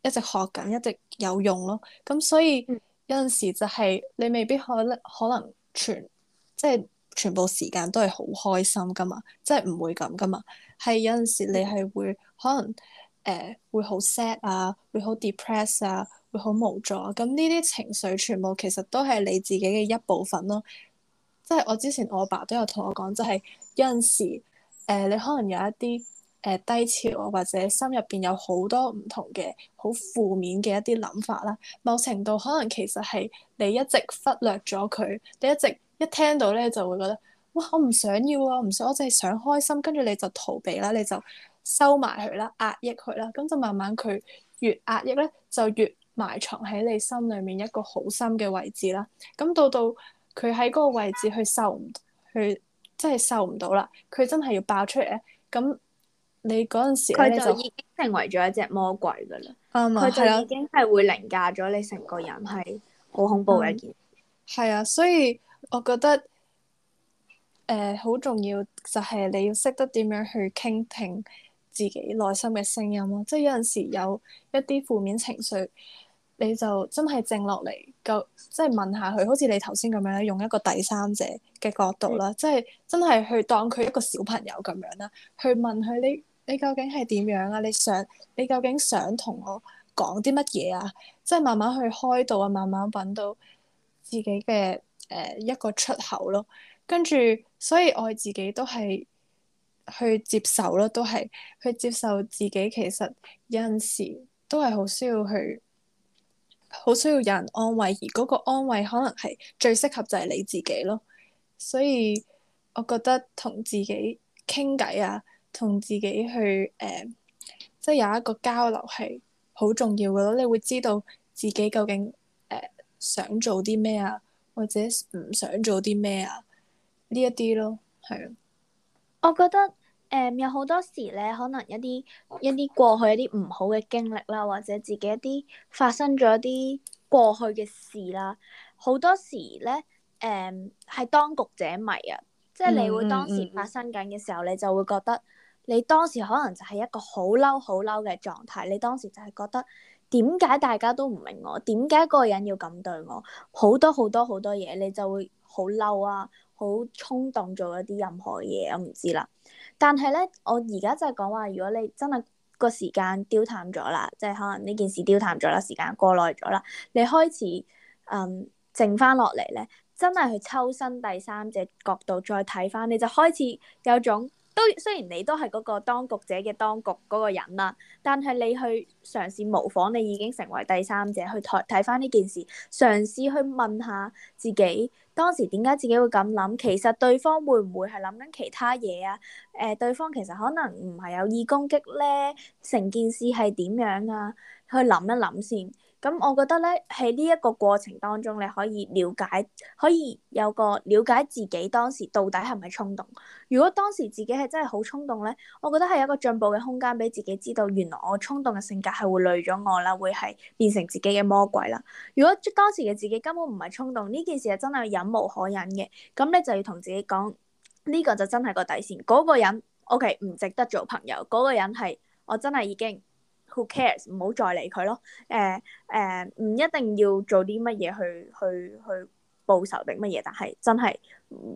一直學緊，一直有用咯。咁所以有陣時就係你未必可能可能全即係全部時間都係好開心噶嘛，即係唔會咁噶嘛。係有陣時你係會可能誒、呃、會好 sad 啊，會好 depress 啊，會好無助啊。咁呢啲情緒全部其實都係你自己嘅一部分咯。即係我之前我爸都有同我講，就係有陣時誒你可能有一啲。誒低潮啊，或者心入邊有好多唔同嘅好負面嘅一啲諗法啦。某程度可能其實係你一直忽略咗佢，你一直一聽到咧就會覺得，哇！我唔想要啊，唔想，我淨係想開心，跟住你就逃避啦，你就收埋佢啦，壓抑佢啦，咁就慢慢佢越壓抑咧，就越埋藏喺你心裏面一個好深嘅位置啦。咁到到佢喺嗰個位置去受，去即係受唔到啦，佢真係要爆出嚟咧，咁。你嗰陣時佢就，就已經成為咗一隻魔鬼噶啦，佢、嗯、就已經係會凌駕咗你成個人係好、嗯、恐怖嘅一件。係、嗯、啊，所以我覺得，誒、呃，好重要就係你要識得點樣去傾聽自己內心嘅聲音咯，即、就、係、是、有陣時有一啲負面情緒，你就真係靜落嚟，夠即係問下佢，好似你頭先咁樣用一個第三者嘅角度啦，即係、嗯、真係去當佢一個小朋友咁樣啦，去問佢你。你究竟係點樣啊？你想你究竟想同我講啲乜嘢啊？即係慢慢去開導啊，慢慢揾到自己嘅誒、呃、一個出口咯。跟住，所以我自己都係去接受咯，都係去接受自己。其實有陣時都係好需要去，好需要有人安慰，而嗰個安慰可能係最適合就係你自己咯。所以我覺得同自己傾偈啊。同自己去誒，即、呃、係、就是、有一個交流係好重要嘅咯。你會知道自己究竟誒、呃、想做啲咩啊，或者唔想做啲咩啊？呢一啲咯，係啊。我覺得誒、呃、有好多時咧，可能一啲一啲過去一啲唔好嘅經歷啦，或者自己一啲發生咗一啲過去嘅事啦，好多時咧誒係當局者迷啊，即係你會當時發生緊嘅時候，嗯嗯嗯，你就會覺得。你當時可能就係一個好嬲、好嬲嘅狀態，你當時就係覺得點解大家都唔明我，點解嗰個人要咁對我，好多好多好多嘢，你就會好嬲啊，好衝動做一啲任何嘢，我唔知啦。但係咧，我而家就係講話，如果你真係個時間丟淡咗啦，即係可能呢件事丟淡咗啦，時間過耐咗啦，你開始嗯靜翻落嚟咧，真係去抽身第三者角度再睇翻，你就開始有種。都雖然你都係嗰個當局者嘅當局嗰個人啦，啊，但係你去嘗試模仿，你已經成為第三者去睇睇翻呢件事，嘗試去問下自己當時點解自己會咁諗？其實對方會唔會係諗緊其他嘢啊？誒、呃，對方其實可能唔係有意攻擊咧，成件事係點樣啊？去諗一諗先。咁我覺得咧喺呢一個過程當中你可以了解，可以有個了解自己當時到底係咪衝動。如果當時自己係真係好衝動咧，我覺得係有一個進步嘅空間俾自己知道，原來我衝動嘅性格係會累咗我啦，會係變成自己嘅魔鬼啦。如果當時嘅自己根本唔係衝動，呢件事係真係忍無可忍嘅，咁你就要同自己講，呢個就真係個底線。嗰個人，O.K. 唔值得做朋友。嗰個人係我真係已經。Who cares，唔好再理佢咯，誒、呃、誒，唔、呃、一定要做啲乜嘢去去去報仇定乜嘢，但係真係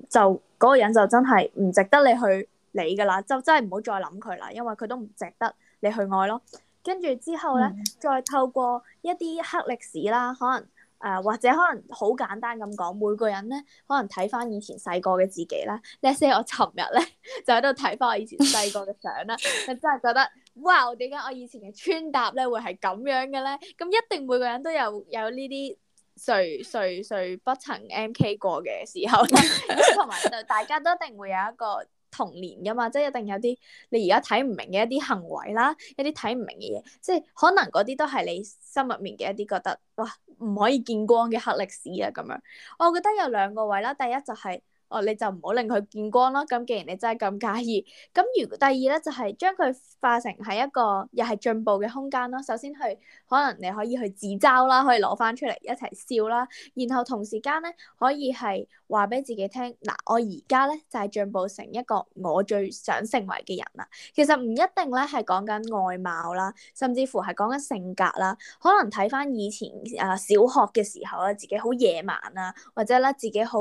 就嗰、嗰個人就真係唔值得你去理㗎啦，就真係唔好再諗佢啦，因為佢都唔值得你去愛咯。跟住之後咧，嗯、再透過一啲黑歷史啦，可能誒、呃、或者可能好簡單咁講，每個人咧可能睇返以前細個嘅自己啦。例如我尋日咧就喺度睇返我以前細個嘅相啦， 真係覺得。哇！我點解我以前嘅穿搭咧會係咁樣嘅咧？咁一定每個人都有有呢啲誰誰誰不曾 MK 過嘅時候，同埋就大家都一定會有一個童年噶嘛，即係一定有啲你而家睇唔明嘅一啲行為啦，一啲睇唔明嘅嘢，即係可能嗰啲都係你心入面嘅一啲覺得哇唔可以見光嘅黑歷史啊咁樣。我覺得有兩個位啦，第一就係、是。哦，你就唔好令佢見光咯。咁既然你真係咁介意，咁如第二咧就係、是、將佢化成係一個又係進步嘅空間咯。首先去可能你可以去自嘲啦，可以攞翻出嚟一齊笑啦。然後同時間咧可以係話俾自己聽，嗱我而家咧就係、是、進步成一個我最想成為嘅人啦。其實唔一定咧係講緊外貌啦，甚至乎係講緊性格啦。可能睇翻以前誒、呃、小學嘅時候啊，自己好野蠻啊，或者咧自己好。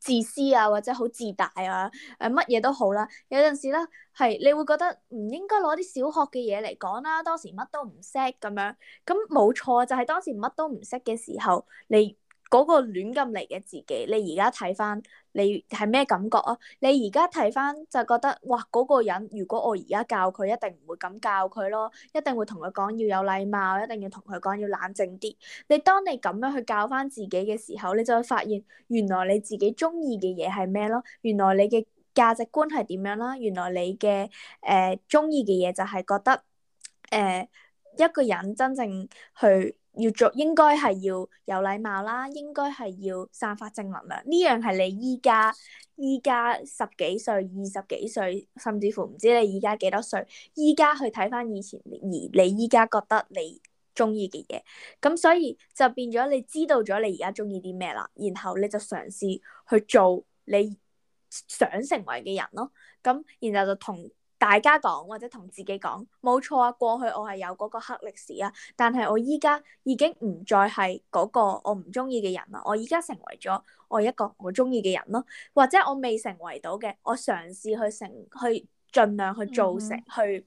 自私啊，或者好自大啊，誒、呃，乜嘢都好啦、啊。有陣時咧，係你會覺得唔應該攞啲小學嘅嘢嚟講啦。當時乜都唔識咁樣，咁冇錯，就係、是、當時乜都唔識嘅時候，你。嗰個亂咁嚟嘅自己，你而家睇翻，你係咩感覺啊？你而家睇翻就覺得，哇！嗰個人如果我而家教佢，一定唔會咁教佢咯，一定會同佢講要有禮貌，一定要同佢講要冷靜啲。你當你咁樣去教翻自己嘅時候，你就會發現原來你自己中意嘅嘢係咩咯，原來你嘅價值觀係點樣啦，原來你嘅誒中意嘅嘢就係覺得誒、呃、一個人真正去。要做應該係要有禮貌啦，應該係要散發正能量，呢樣係你依家、依家十幾歲、二十幾歲，甚至乎唔知你依家幾多歲，依家去睇返以前，而你依家覺得你中意嘅嘢。咁所以就變咗你知道咗你而家中意啲咩啦，然後你就嘗試去做你想成為嘅人咯，咁然後就同。大家講或者同自己講，冇錯啊。過去我係有嗰個黑歷史啊，但係我依家已經唔再係嗰個我唔中意嘅人啦。我依家成為咗我一個我中意嘅人咯，或者我未成為到嘅，我嘗試去成去盡量去做成、嗯、去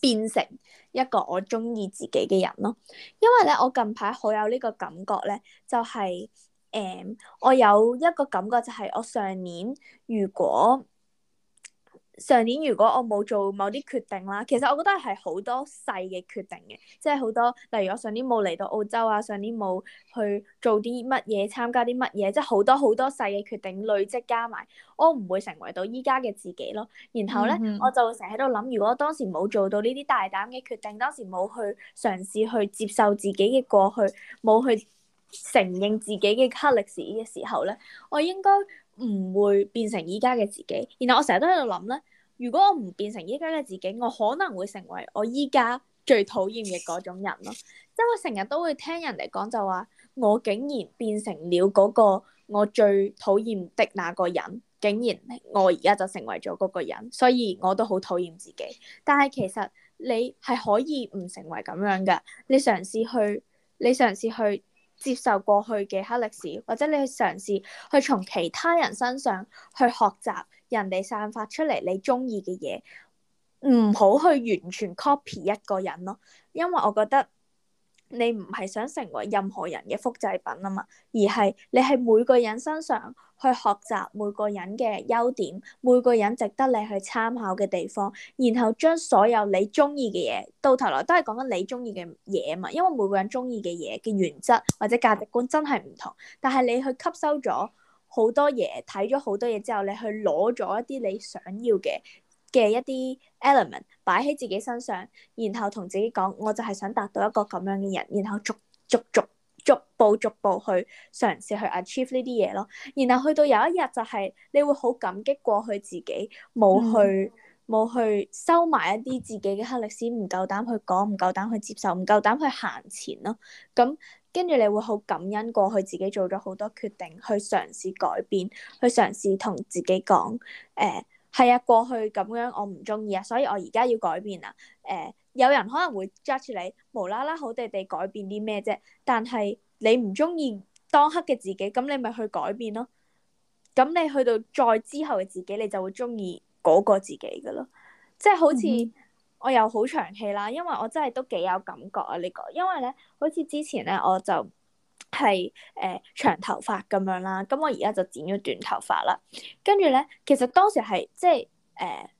變成一個我中意自己嘅人咯。因為咧，我近排好有呢個感覺咧，就係、是、誒、嗯，我有一個感覺就係我上年如果。上年如果我冇做某啲決定啦，其實我覺得係好多細嘅決定嘅，即係好多，例如我上年冇嚟到澳洲啊，上年冇去做啲乜嘢，參加啲乜嘢，即係好多好多細嘅決定累積加埋，我唔會成為到依家嘅自己咯。然後咧，嗯、哼我就成日喺度諗，如果當時冇做到呢啲大膽嘅決定，當時冇去嘗試去接受自己嘅過去，冇去承認自己嘅黑歷史嘅時候咧，我應該唔會變成依家嘅自己，然後我成日都喺度諗咧，如果我唔變成依家嘅自己，我可能會成為我依家最討厭嘅嗰種人咯。即係 我成日都會聽人哋講就話，我竟然變成了嗰個我最討厭的那個人，竟然我而家就成為咗嗰個人，所以我都好討厭自己。但係其實你係可以唔成為咁樣噶，你嘗試去，你嘗試去。接受過去嘅黑歷史，或者你去嘗試去從其他人身上去學習人哋散發出嚟你中意嘅嘢，唔好去完全 copy 一個人咯，因為我覺得你唔係想成為任何人嘅複製品啊嘛，而係你喺每個人身上，去學習每個人嘅優點，每個人值得你去參考嘅地方，然後將所有你中意嘅嘢，到頭來都係講緊你中意嘅嘢啊嘛。因為每個人中意嘅嘢嘅原則或者價值觀真係唔同，但係你去吸收咗好多嘢，睇咗好多嘢之後，你去攞咗一啲你想要嘅嘅一啲 element 擺喺自己身上，然後同自己講，我就係想達到一個咁樣嘅人，然後逐逐逐。逐步逐步去嘗試去 achieve 呢啲嘢咯，然後去到有一日就係你會好感激過去自己冇去冇、嗯、去收埋一啲自己嘅黑歷史，唔夠膽去講，唔夠膽去接受，唔夠膽去行前咯。咁跟住你會好感恩過去自己做咗好多決定，去嘗試改變，去嘗試同自己講誒。呃係啊，過去咁樣我唔中意啊，所以我而家要改變啦。誒、呃，有人可能會 judge 你，無啦啦好地地改變啲咩啫？但係你唔中意當刻嘅自己，咁你咪去改變咯。咁你去到再之後嘅自己，你就會中意嗰個自己噶咯。即係好似我又好長氣啦，因為我真係都幾有感覺啊呢個。因為咧，好似之前咧，我就。係誒、呃、長頭髮咁樣啦，咁我而家就剪咗短頭髮啦，跟住咧，其實當時係，即係誒、呃，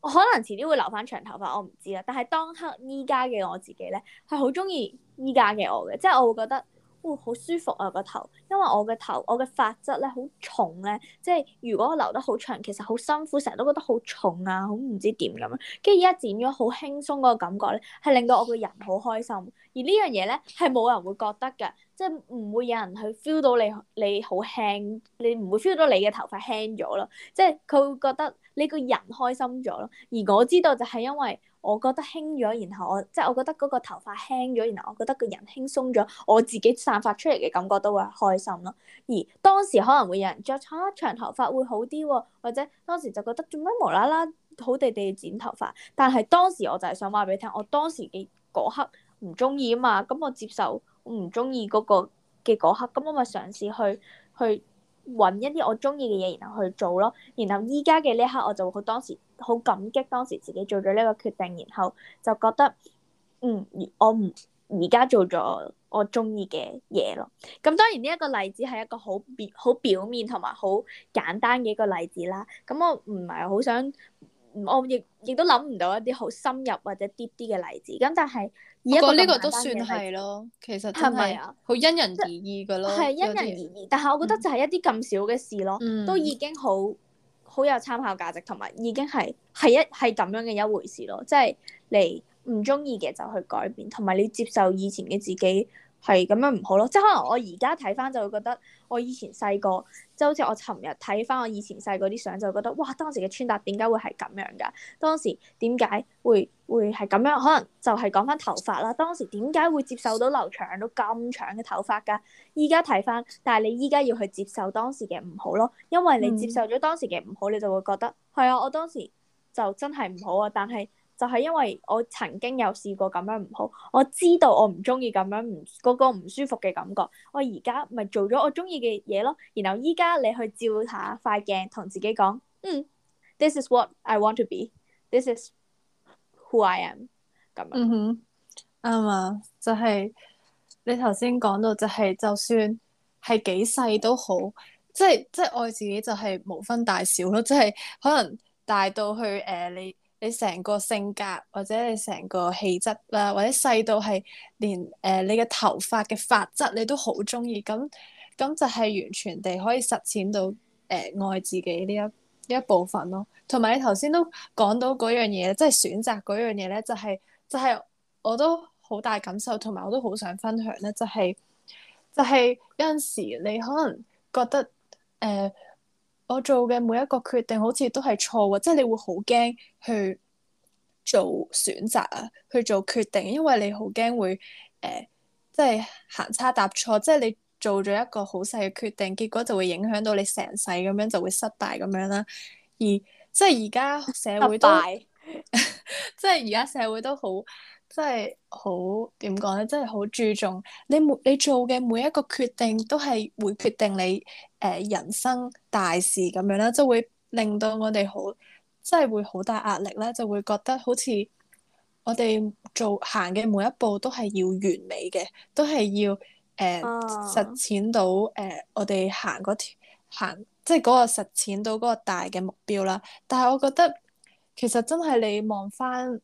我可能遲啲會留返長頭髮，我唔知啦。但係當刻依家嘅我自己咧，係好中意依家嘅我嘅，即係我會覺得。會好舒服啊個頭，因為我嘅頭，我嘅髮質咧好重咧、啊，即係如果我留得好長，其實好辛苦，成日都覺得好重啊，好唔知點咁。跟住而家剪咗好輕鬆嗰個感覺咧，係令到我個人好開心。而呢樣嘢咧係冇人會覺得㗎，即係唔會有人去 feel 到你你好輕，你唔會 feel 到你嘅頭髮輕咗咯。即係佢會覺得你個人開心咗咯。而我知道就係因為。我覺得輕咗，然後我即係我覺得嗰個頭髮輕咗，然後我覺得個人輕鬆咗，我自己散發出嚟嘅感覺都會開心咯。而當時可能會有人着穿、啊、長頭髮會好啲喎、哦，或者當時就覺得做乜無啦啦好地地剪頭髮。但係當時我就係想話俾你聽，我當時嘅嗰刻唔中意啊嘛，咁我接受我唔中意嗰個嘅嗰刻，咁我咪嘗試去去揾一啲我中意嘅嘢，然後去做咯。然後依家嘅呢刻我就會當時。好感激當時自己做咗呢個決定，然後就覺得嗯，我唔而家做咗我中意嘅嘢咯。咁當然呢一個例子係一個好表好表面同埋好簡單嘅一個例子啦。咁我唔係好想，我亦亦都諗唔到一啲好深入或者 deep 啲嘅例子。咁但係我覺得呢個都算係咯，其實係咪啊？好因人而異噶咯，係因人而異。但係我覺得就係一啲咁小嘅事咯，嗯、都已經好。好有參考價值，同埋已經係係一係咁樣嘅一回事咯，即係你唔中意嘅就去改變，同埋你接受以前嘅自己。係咁樣唔好咯，即係可能我而家睇翻就會覺得我以前細個，即係好似我尋日睇翻我以前細個啲相，就會覺得哇當時嘅穿搭點解會係咁樣㗎？當時點解會會係咁樣？可能就係講翻頭髮啦。當時點解會接受到留長到咁長嘅頭髮㗎？依家睇翻，但係你依家要去接受當時嘅唔好咯，因為你接受咗當時嘅唔好，嗯、你就會覺得係啊，我當時就真係唔好啊，但係。就係因為我曾經有試過咁樣唔好，我知道我唔中意咁樣唔嗰個唔舒服嘅感覺。我而家咪做咗我中意嘅嘢咯。然後依家你去照下塊鏡，同自己講，嗯，this is what I want to be，this is who I am。咁啊，嗯哼，啱啊，就係你頭先講到，就係就算係幾細都好，即係即係愛自己就係無分大小咯。即係可能大到去誒你。你成個性格或者你成個氣質啦，或者細到係連誒你嘅頭髮嘅髮質，你都好中意，咁咁就係完全地可以實踐到誒愛自己呢一一部分咯。同埋你頭先都講到嗰樣嘢，即係選擇嗰樣嘢咧，就係就係我都好大感受，同埋我都好想分享咧，就係就係有陣時你可能覺得誒。呃我做嘅每一個決定好似都係錯嘅，即係你會好驚去做選擇啊，去做決定，因為你好驚會誒、呃，即係行差踏錯，即係你做咗一個好細嘅決定，結果就會影響到你成世咁樣，就會失敗咁樣啦。而即係而家社會都， 即係而家社會都好，即係好點講咧？即係好注重你每你做嘅每一個決定都係會決定你。誒人生大事咁樣啦，就會令到我哋好，即係會好大壓力啦，就會覺得好似我哋做行嘅每一步都係要完美嘅，都係要誒、呃、實踐到誒、呃、我哋行嗰條行，即係嗰個實踐到嗰個大嘅目標啦。但係我覺得其實真係你望翻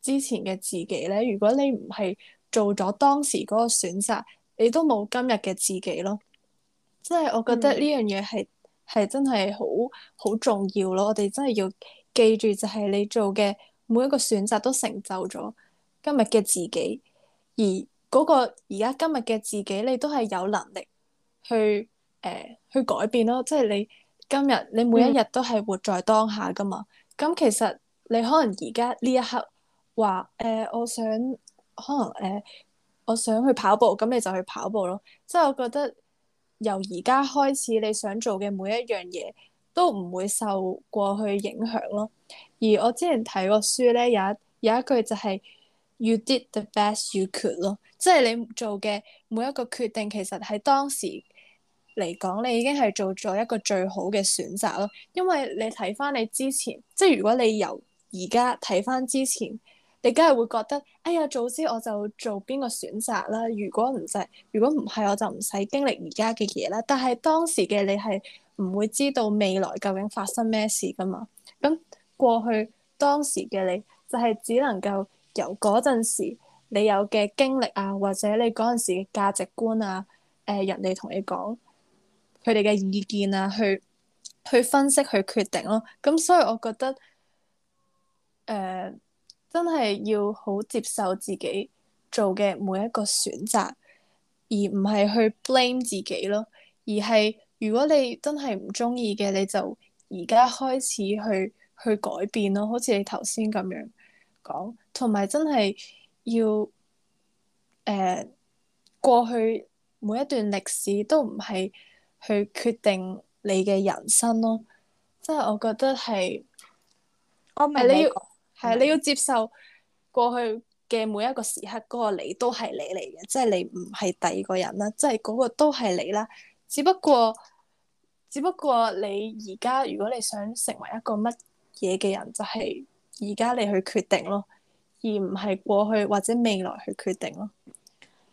之前嘅自己咧，如果你唔係做咗當時嗰個選擇，你都冇今日嘅自己咯。即係我覺得呢樣嘢係係真係好好重要咯。我哋真係要記住，就係你做嘅每一個選擇都成就咗今日嘅自己。而嗰個而家今日嘅自己，你都係有能力去誒、呃、去改變咯。即係你今日你每一日都係活在當下噶嘛。咁、嗯、其實你可能而家呢一刻話誒、呃，我想可能誒、呃，我想去跑步，咁你就去跑步咯。即係我覺得。由而家開始，你想做嘅每一樣嘢都唔會受過去影響咯。而我之前睇過書咧，有一有一句就係 You did the best you could 咯，即係你做嘅每一個決定，其實喺當時嚟講，你已經係做咗一個最好嘅選擇咯。因為你睇翻你之前，即係如果你由而家睇翻之前。你梗係會覺得，哎呀，早知我就做邊個選擇啦！如果唔使，如果唔係，我就唔使經歷而家嘅嘢啦。但係當時嘅你係唔會知道未來究竟發生咩事㗎嘛。咁過去當時嘅你，就係只能夠由嗰陣時你有嘅經歷啊，或者你嗰陣時嘅價值觀啊，誒、呃、人哋同你講佢哋嘅意見啊，去去分析去決定咯。咁所以我覺得，誒、呃。真係要好接受自己做嘅每一個選擇，而唔係去 blame 自己咯。而係如果你真係唔中意嘅，你就而家開始去去改變咯。好似你頭先咁樣講，同埋真係要誒、呃、過去每一段歷史都唔係去決定你嘅人生咯。即係我覺得係，我明、哎、你要。係，你要接受過去嘅每一個時刻嗰個你都係你嚟嘅，即係你唔係第二個人啦，即係嗰個都係你啦。只不過，只不過你而家如果你想成為一個乜嘢嘅人，就係而家你去決定咯，而唔係過去或者未來去決定咯。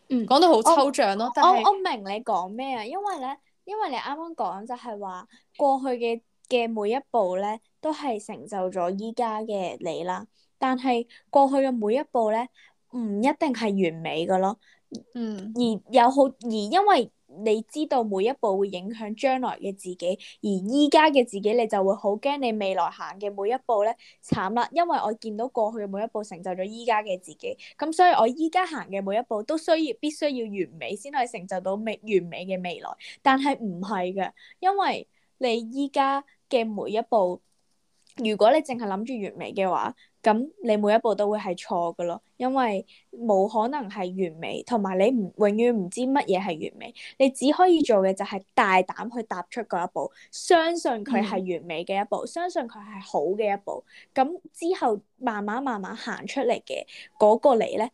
嗯，講得好抽象咯。我但係我，我明你講咩啊？因為咧，因為你啱啱講就係話過去嘅。嘅每一步咧，都係成就咗依家嘅你啦。但係過去嘅每一步咧，唔一定係完美噶咯。嗯，而有好，而因為你知道每一步會影響將來嘅自己，而依家嘅自己你就會好驚你未來行嘅每一步咧，慘啦，因為我見到過去嘅每一步成就咗依家嘅自己，咁所以我依家行嘅每一步都需要必須要完美先可以成就到未完美嘅未來。但係唔係嘅，因為你依家。嘅每一步，如果你淨係諗住完美嘅話，咁你每一步都會係錯噶咯，因為冇可能係完美，同埋你唔永遠唔知乜嘢係完美，你只可以做嘅就係大膽去踏出嗰一步，相信佢係完美嘅一步，嗯、相信佢係好嘅一步，咁之後慢慢慢慢行出嚟嘅嗰個你咧，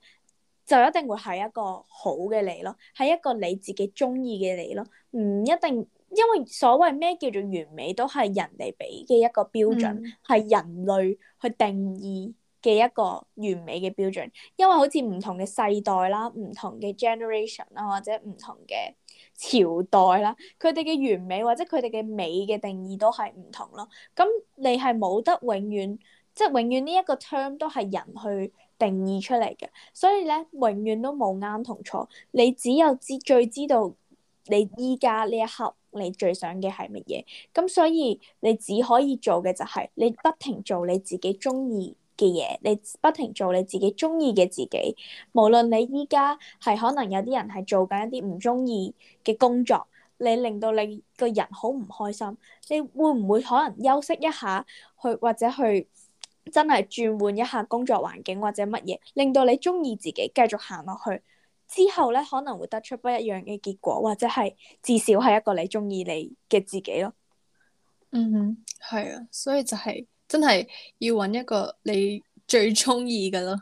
就一定會係一個好嘅你咯，係一個你自己中意嘅你咯，唔一定。因為所謂咩叫做完美，都係人哋俾嘅一個標準，係、嗯、人類去定義嘅一個完美嘅標準。因為好似唔同嘅世代啦、唔同嘅 generation 啦，或者唔同嘅朝代啦，佢哋嘅完美或者佢哋嘅美嘅定義都係唔同咯。咁你係冇得永遠，即、就、係、是、永遠呢一個 term 都係人去定義出嚟嘅，所以咧永遠都冇啱同錯，你只有知最知道。你依家呢一刻，你最想嘅係乜嘢？咁所以你只可以做嘅就係，你不停做你自己中意嘅嘢，你不停做你自己中意嘅自己。無論你依家係可能有啲人係做緊一啲唔中意嘅工作，你令到你個人好唔開心，你會唔會可能休息一下去，或者去真係轉換一下工作環境或者乜嘢，令到你中意自己，繼續行落去？之後咧，可能會得出不一樣嘅結果，或者係至少係一個你中意你嘅自己咯。嗯，係啊，所以就係、是、真係要揾一個你最中意嘅咯。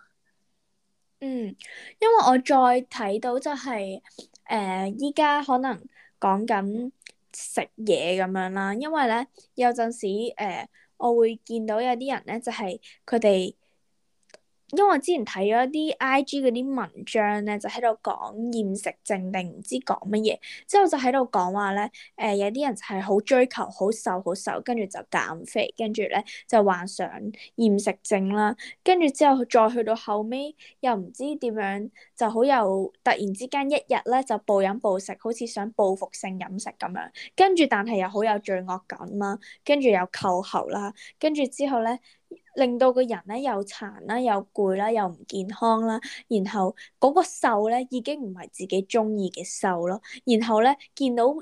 嗯，因為我再睇到就係、是、誒，依、呃、家可能講緊食嘢咁樣啦，因為咧有陣時誒、呃，我會見到有啲人咧就係佢哋。因為我之前睇咗一啲 IG 嗰啲文章咧，就喺度講厭食症定唔知講乜嘢，之後就喺度講話咧，誒、呃、有啲人係好追求好瘦好瘦，跟住就減肥，跟住咧就患上厭食症啦，跟住之後再去到後尾又唔知點樣，就好有突然之間一日咧就暴飲暴食，好似想報復性飲食咁樣，跟住但係又好有罪惡感啦，跟住又扣喉啦，跟住之後咧。令到個人咧又殘啦，又攰啦，又唔健康啦，然後嗰個瘦咧已經唔係自己中意嘅瘦咯，然後咧見到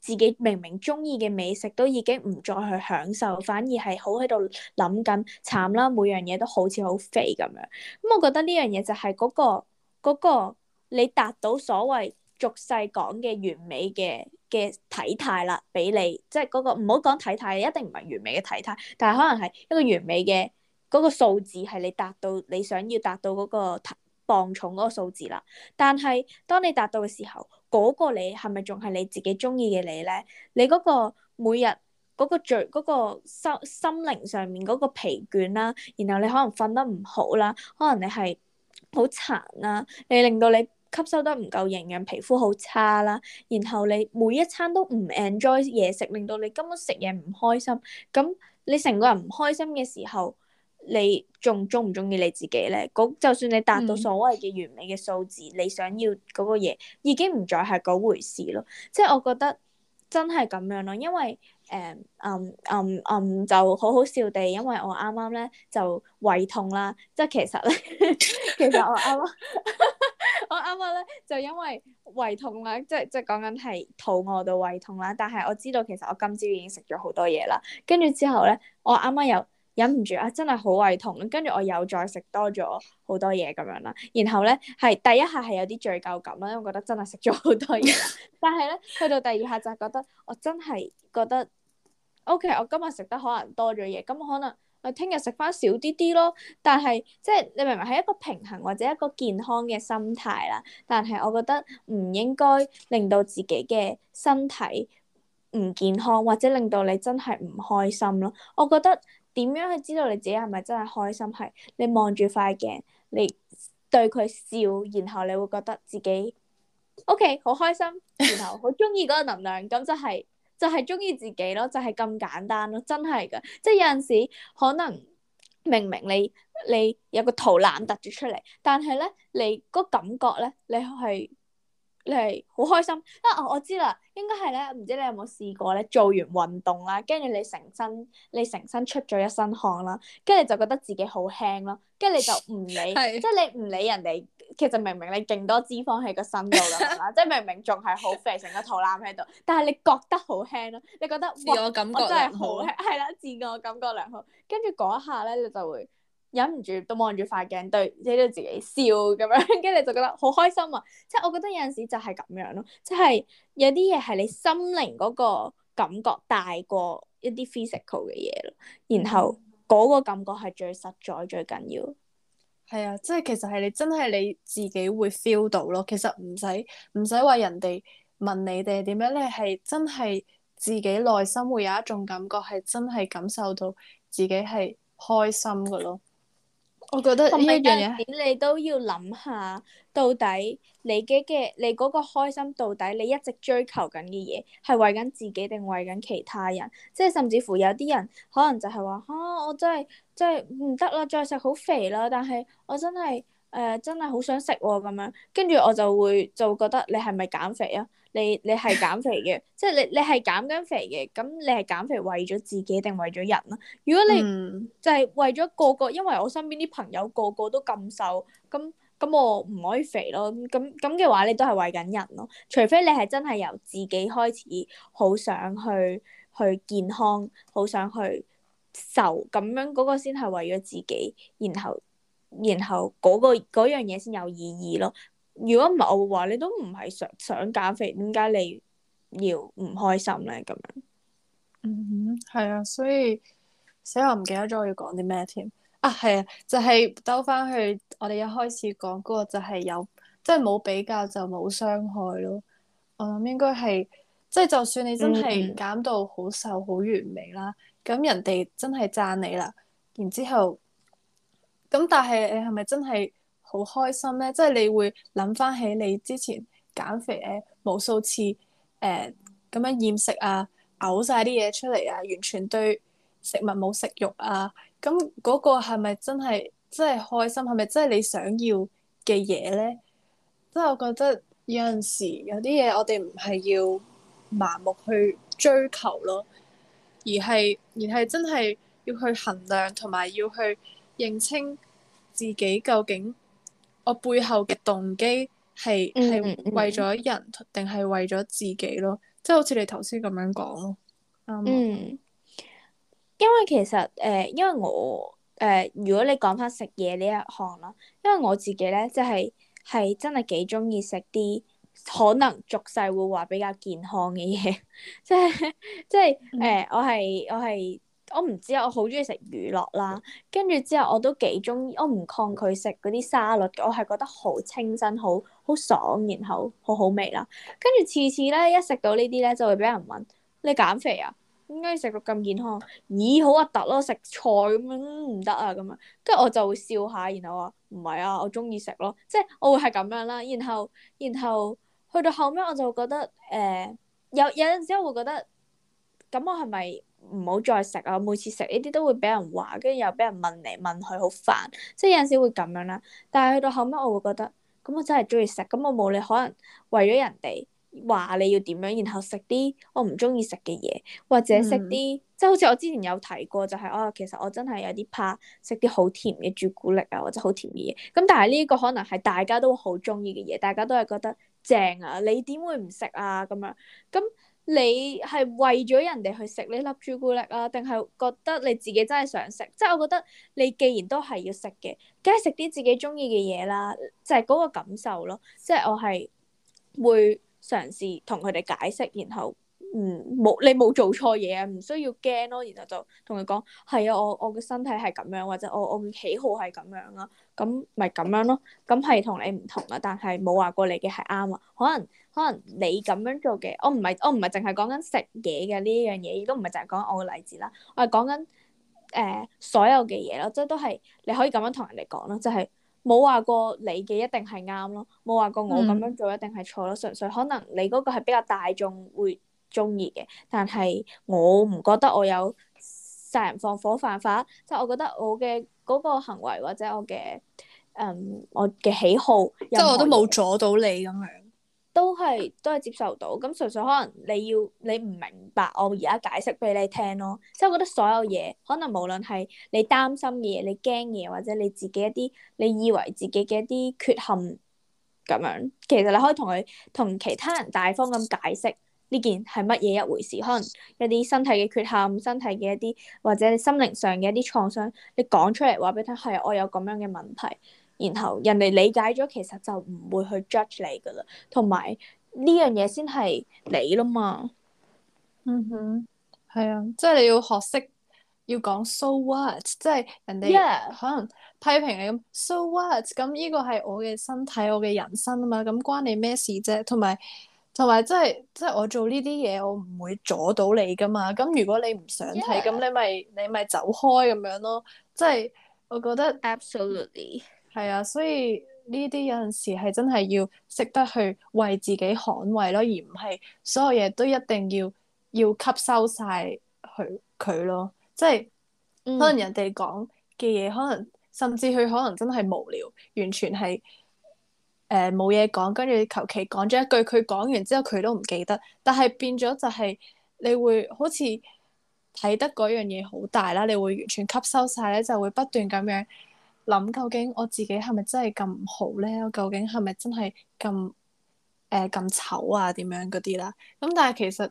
自己明明中意嘅美食都已經唔再去享受，反而係好喺度諗緊慘啦，每樣嘢都好似好肥咁樣。咁、嗯、我覺得呢樣嘢就係嗰、嗰個、嗰個你達到所謂俗世講嘅完美嘅嘅體態啦，俾你即係嗰個唔好講體態，一定唔係完美嘅體態，但係可能係一個完美嘅。嗰個數字係你達到你想要達到嗰個磅重嗰個數字啦。但係當你達到嘅時候，嗰、嗰個你係咪仲係你自己中意嘅你咧？你嗰個每日嗰、嗰個最心、嗰個、心靈上面嗰個疲倦啦，然後你可能瞓得唔好啦，可能你係好殘啦，你令到你吸收得唔夠營養，皮膚好差啦，然後你每一餐都唔 enjoy 嘢食，令到你根本食嘢唔開心。咁你成個人唔開心嘅時候。你仲中唔中意你自己咧？就算你達到所謂嘅完美嘅數字，嗯、你想要嗰個嘢已經唔再係嗰回事咯。即係我覺得真係咁樣咯，因為誒嗯嗯嗯、嗯就好好笑地，因為我啱啱咧就胃痛啦，即係其實咧， 其實我啱啱 我啱啱咧就因為胃痛啦，即係即係講緊係肚餓到胃痛啦。但係我知道其實我今朝已經食咗好多嘢啦，跟住之後咧，我啱啱又～忍唔住啊！真係好胃痛，跟住我又再食多咗好多嘢咁樣啦。然後咧係第一下係有啲罪疚感啦，因為我覺得真係食咗好多嘢。 但係咧去到第二下就係覺得我真係覺得 OK，我今日食得可能多咗嘢，咁、嗯、可能我聽日食翻少啲啲咯。但係即係你明唔明係一個平衡或者一個健康嘅心態啦。但係我覺得唔應該令到自己嘅身體唔健康，或者令到你真係唔開心咯。我覺得。點樣去知道你自己係咪真係開心？係你望住塊鏡，你對佢笑，然後你會覺得自己 OK，好開心，然後好中意嗰個能量，咁就係、是、就係中意自己咯，就係、是、咁簡單咯，真係㗎。即係有陣時可能明明你你有個肚腩凸咗出嚟，但係咧你個感覺咧你係。你係好開心，因、啊、我知啦，應該係咧，唔知你有冇試過咧，做完運動啦，跟住你成身你成身出咗一身汗啦，跟住你就覺得自己好輕咯，跟住你就唔理，是即係你唔理人哋，其實明明你勁多脂肪喺個身度啦， 即係明明仲係好肥，成個肚腩喺度，但係你覺得好輕咯，你覺得自我感覺良好，係啦，自我感覺良好，跟住嗰一下咧，你就會。忍唔住都望住塊鏡對，即係自己笑咁樣，跟住就覺得好開心啊！即係我覺得有陣時就係咁樣咯，即係有啲嘢係你心靈嗰個感覺大過一啲 physical 嘅嘢咯，然後嗰個感覺係最實在最緊要。係啊，即係其實係你真係你自己會 feel 到咯，其實唔使唔使話人哋問你哋係點樣咧，係真係自己內心會有一種感覺，係真係感受到自己係開心噶咯。我覺得咁樣嘅你都要諗下，到底你嘅嘅，你嗰個開心到底你一直追求緊嘅嘢，係為緊自己定為緊其他人？即係甚至乎有啲人可能就係話啊，我真係真係唔得啦，再食好肥啦，但係我真係。誒、呃，真係好想食喎、哦，咁樣，跟住我就會就會覺得，你係咪減肥啊？你你係減肥嘅， 即係你你係減緊肥嘅，咁你係減肥為咗自己定為咗人啦？如果你就係為咗個個，因為我身邊啲朋友個個都咁瘦，咁咁我唔可以肥咯，咁咁嘅話你都係為緊人咯，除非你係真係由自己開始好想去去健康，好想去瘦，咁樣嗰個先係為咗自己，然後。然後嗰、嗰個樣嘢先有意義咯，如果冇嘅話，你都唔係想想減肥，點解你要唔開心咧？咁樣，嗯哼，係啊，所以所以我唔記得咗我要講啲咩添啊，係啊，就係兜翻去我哋一開始講嗰個，就係、係、有即係冇比較就冇傷害咯。我諗應該係即係，就係、就算你真係減到好瘦好、嗯、完美啦，咁人哋真係讚你啦，然之後。咁但係你係咪真係好開心咧？即係你會諗翻起你之前減肥誒，無數次誒，咁樣厭食啊，嘔晒啲嘢出嚟啊，完全對食物冇食欲啊。咁嗰個係咪真係真係開心？係咪真係你想要嘅嘢咧？即係我覺得有陣時有啲嘢我哋唔係要盲目去追求咯，而係而係真係要去衡量同埋要去。認清自己究竟我背後嘅動機係係、嗯、為咗人定係為咗自己咯，即係好似你頭先咁樣講咯，嗯，嗯因為其實誒、呃，因為我誒、呃，如果你講返食嘢呢一行啦，因為我自己咧，即係係真係幾鍾意食啲可能俗世會話比較健康嘅嘢，即係即係誒，我係我係。我唔知，我好中意食魚樂啦，跟住之後我都幾中意，我唔抗拒食嗰啲沙律嘅，我係覺得好清新，好好爽，然後好好味啦。跟住次次咧一食到呢啲咧，就會俾人問，你減肥啊？點解食到咁健康？咦，好核突咯，食菜咁樣唔得啊咁啊？跟住我就會笑下，然後話唔係啊，我中意食咯，即係我會係咁樣啦。然後然後去到後尾，我就覺得誒、呃、有有陣時候我會覺得，咁我係咪？唔好再食啊！每次食呢啲都會俾人話，跟住又俾人問嚟問去，好煩。即係有陣時會咁樣啦。但係去到後尾，我會覺得，咁我真係中意食，咁我冇理可能為咗人哋話你要點樣，然後食啲我唔中意食嘅嘢，或者食啲、嗯、即係好似我之前有提過，就係、是、哦、啊，其實我真係有啲怕食啲好甜嘅朱古力啊，或者好甜嘅嘢。咁但係呢個可能係大家都好中意嘅嘢，大家都係覺得正啊，你點會唔食啊咁樣咁。嗯。你係為咗人哋去食呢粒朱古力啊，定係覺得你自己真係想食？即係我覺得你既然都係要食嘅，梗係食啲自己中意嘅嘢啦，就係嗰個感受咯。即係我係會嘗試同佢哋解釋，然後嗯冇你冇做錯嘢啊，唔需要驚咯。然後就同佢講係啊，我我嘅身體係咁樣，或者我我嘅喜好係咁樣啊，咁咪咁樣咯。咁係同你唔同啦，但係冇話過你嘅係啱啊，可能。可能你咁樣做嘅，我唔係我唔係淨係講緊食嘢嘅呢樣嘢，亦都唔係淨係講我嘅例子啦。我係講緊誒所有嘅嘢咯，即係都係你可以咁樣同人哋講咯，就係冇話過你嘅一定係啱咯，冇話過我咁樣做一定係錯咯。純粹、嗯、可能你嗰個係比較大眾會鍾意嘅，但係我唔覺得我有殺人放火犯法，即係我覺得我嘅嗰個行為或者我嘅誒、嗯、我嘅喜好，即係我都冇阻到你咁樣。都係都係接受到，咁純粹可能你要你唔明白，我而家解釋俾你聽咯。即係我覺得所有嘢，可能無論係你擔心嘅嘢、你驚嘢，或者你自己一啲你以為自己嘅一啲缺陷咁樣，其實你可以同佢同其他人大方咁解釋呢件係乜嘢一回事。可能一啲身體嘅缺陷、身體嘅一啲，或者你心靈上嘅一啲創傷，你講出嚟話俾佢聽，係我有咁樣嘅問題。然後人哋理解咗，其實就唔會去 judge 你噶啦。同埋呢樣嘢先係你啦嘛。嗯哼，係啊，即係你要學識要講 so what，即係人哋 Yeah. 可能批評你咁 so what，咁呢個係我嘅身體，我嘅人生啊嘛，咁關你咩事啫？同埋同埋即係即係我做呢啲嘢，我唔會阻到你噶嘛。咁如果你唔想睇，咁 Yeah. 你咪你咪走開咁樣咯。即係我覺得 absolutely。係啊，所以呢啲有陣時係真係要識得去為自己捍衛咯，而唔係所有嘢都一定要要吸收晒佢佢咯。即係可能人哋講嘅嘢，可能甚至佢可能真係無聊，完全係誒冇嘢講，跟住求其講咗一句。佢講完之後佢都唔記得，但係變咗就係你會好似睇得嗰樣嘢好大啦，你會完全吸收晒咧，就會不斷咁樣。諗究竟我自己係咪真係咁好呢？我究竟係咪真係咁誒咁醜啊？點樣嗰啲啦？咁但係其實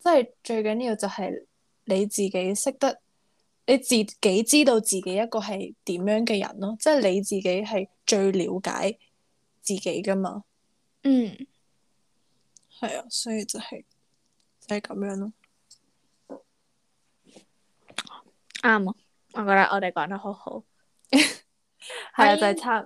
真係最緊要就係你自己識得你自己，知道自己一個係點樣嘅人咯，即係你自己係最了解自己噶嘛。嗯，係啊，所以就係、是、就係咁樣咯。啱啊、嗯，我覺得我哋講得好好。 係啊，就係差。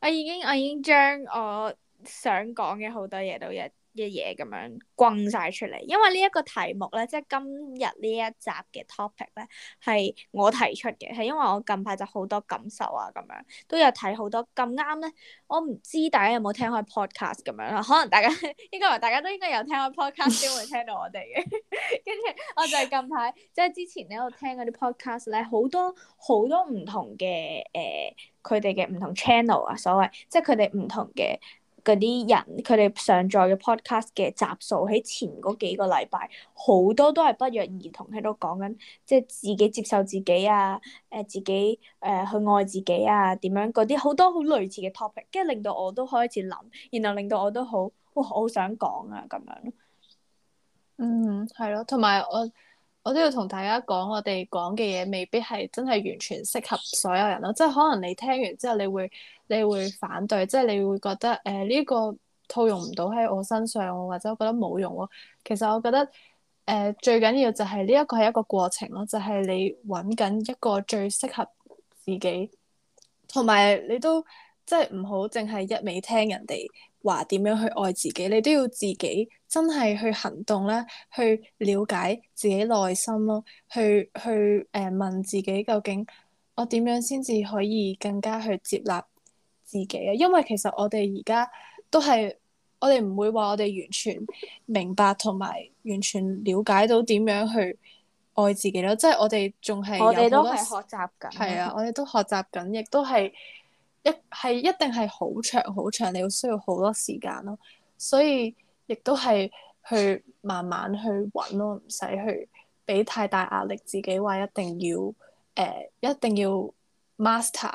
我已經，我已經將我，我想講嘅好多嘢都一嘅嘢咁樣轟晒出嚟，因為呢一個題目咧，即係今日呢一集嘅 topic 咧，係我提出嘅，係因為我近排就好多感受啊，咁樣都有睇好多咁啱咧，我唔知大家有冇聽開 podcast 咁樣啦，可能大家應該，應該大家都應該有聽開 podcast 都會聽到我哋嘅，跟住 我就係近排即係之前咧，我聽嗰啲 podcast 咧，好多好多唔同嘅誒，佢哋嘅唔同 channel 啊，所謂即係佢哋唔同嘅。嗰啲人，佢哋上載嘅 podcast 嘅集數喺前嗰幾個禮拜，好多都係不約而同喺度講緊，即係自己接受自己啊，誒、呃、自己誒、呃、去愛自己啊，點樣嗰啲好多好類似嘅 topic，跟住令到我都開始諗，然後令到我都好，哇，好、哦、想講啊咁樣。嗯，係咯，同埋我。我都要同大家講，我哋講嘅嘢未必係真係完全適合所有人咯。即係可能你聽完之後，你會你會反對，即係你會覺得誒呢個套用唔到喺我身上，或者我覺得冇用咯。其實我覺得誒最緊要就係呢一個係一個過程咯，就係你揾緊一個最適合自己，同埋你都即係唔好淨係一味聽人哋話點樣去愛自己，你都要自己。真係去行動啦，去了解自己內心咯，去去誒、呃、問自己究竟我點樣先至可以更加去接納自己啊？因為其實我哋而家都係我哋唔會話我哋完全明白同埋完全了解到點樣去愛自己咯，即係我哋仲係我哋都係學習緊係啊！我哋都學習緊，亦都係一係一定係好長好長，你要需要好多時間咯，所以。亦都係去慢慢去搵咯，唔使去俾太大壓力自己，話一定要誒、呃，一定要 master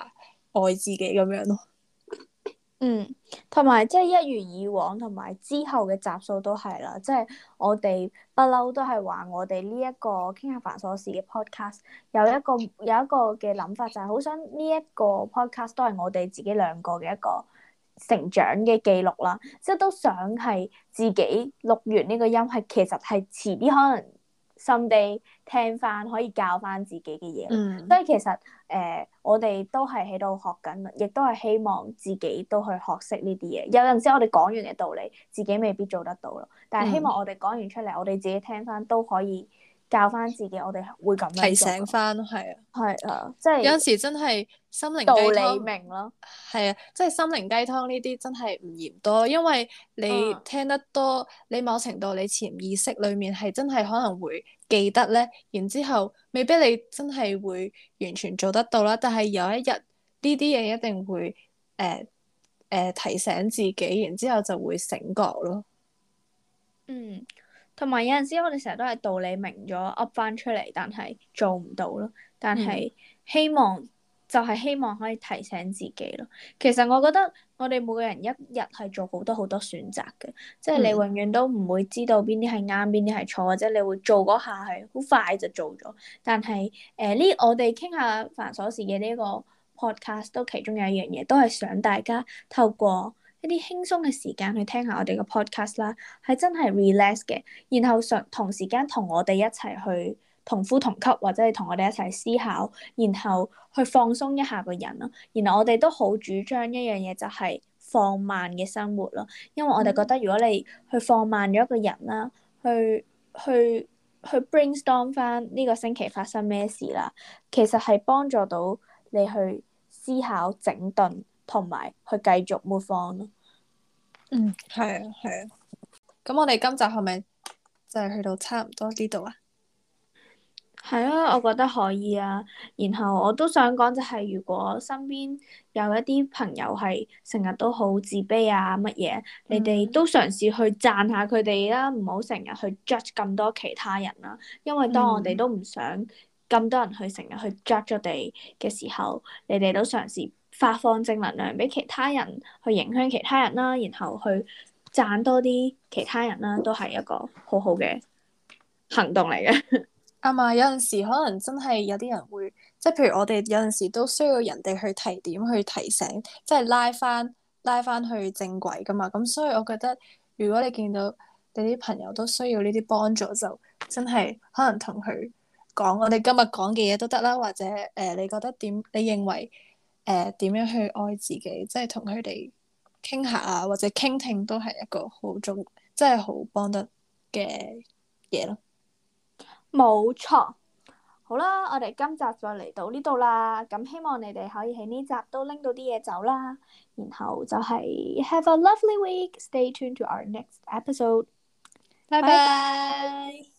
愛自己咁樣咯。 嗯，同埋即係一如以往，同埋之後嘅集數、就是、都係啦、這個，即係我哋不嬲都係話我哋呢一個傾下煩瑣事嘅 podcast 有一個有一個嘅諗法就係、是、好想呢一個 podcast 都係我哋自己兩個嘅一個。成長嘅記錄啦，即係都想係自己錄完呢個音，係其實係遲啲可能心地 m 聽翻可以教翻自己嘅嘢。嗯，所以其實誒、呃，我哋都係喺度學緊，亦都係希望自己都去學識呢啲嘢。有陣時我哋講完嘅道理，自己未必做得到咯，但係希望我哋講完出嚟，我哋自己聽翻都可以，教翻自己，我哋會咁樣提醒翻，係啊，係啊，即係有陣時真係心靈雞湯道理明咯，係啊，即係心靈雞湯呢啲真係唔嫌多，因為你聽得多，嗯、你某程度你潛意識裡面係真係可能會記得咧，然之後未必你真係會完全做得到啦，但係有一日呢啲嘢一定會誒誒、呃呃、提醒自己，然之後就會醒覺咯。嗯。同埋有陣時，我哋成日都係道理明咗噏翻出嚟，但係做唔到咯。但係希望、嗯、就係希望可以提醒自己咯。其實我覺得我哋每個人一日係做好多好多選擇嘅，即係你永遠都唔會知道邊啲係啱，邊啲係錯，或者你會做嗰下係好快就做咗。但係誒呢，我哋傾下煩瑣事嘅呢個 podcast 都其中有一樣嘢，都係想大家透過一啲輕鬆嘅時間去聽下我哋嘅 podcast 啦，係真係 relax 嘅，然後上同時間同我哋一齊去同呼同吸，或者係同我哋一齊思考，然後去放鬆一下個人咯。然後我哋都好主張一樣嘢，就係放慢嘅生活咯。因為我哋覺得如果你去放慢咗個人啦，去去去 brainstorm 翻呢個星期發生咩事啦，其實係幫助到你去思考整頓。同埋去繼續 move on 咯。嗯，係啊，係啊。咁我哋今集係咪就係去到差唔多呢度啊？係啊，我覺得可以啊。然後我都想講，就係，就係如果身邊有一啲朋友係成日都好自卑啊，乜嘢，嗯、你哋都嘗試去讚下佢哋啦，唔好成日去 judge 咁多其他人啦、啊。因為當我哋都唔想咁多人去成日去 judge 我哋嘅時候，嗯、你哋都嘗試。發放正能量俾其他人去影響其他人啦，然後去賺多啲其他人啦，都係一個好好嘅行動嚟嘅。啱啊，有陣時可能真係有啲人會，即係譬如我哋有陣時都需要人哋去提點、去提醒，即係拉翻拉翻去正軌噶嘛。咁所以我覺得，如果你見到你啲朋友都需要呢啲幫助，就真係可能同佢講我哋今日講嘅嘢都得啦，或者誒、呃、你覺得點？你認為？誒，點、呃、樣去愛自己，即係同佢哋傾下啊，或者傾聽都係一個好重，即係好幫得嘅嘢咯。冇錯，好啦，我哋今集再嚟到呢度啦。咁希望你哋可以喺呢集都拎到啲嘢走啦。然後就係 Have a lovely week。Stay tuned to our next episode. bye bye。拜拜拜。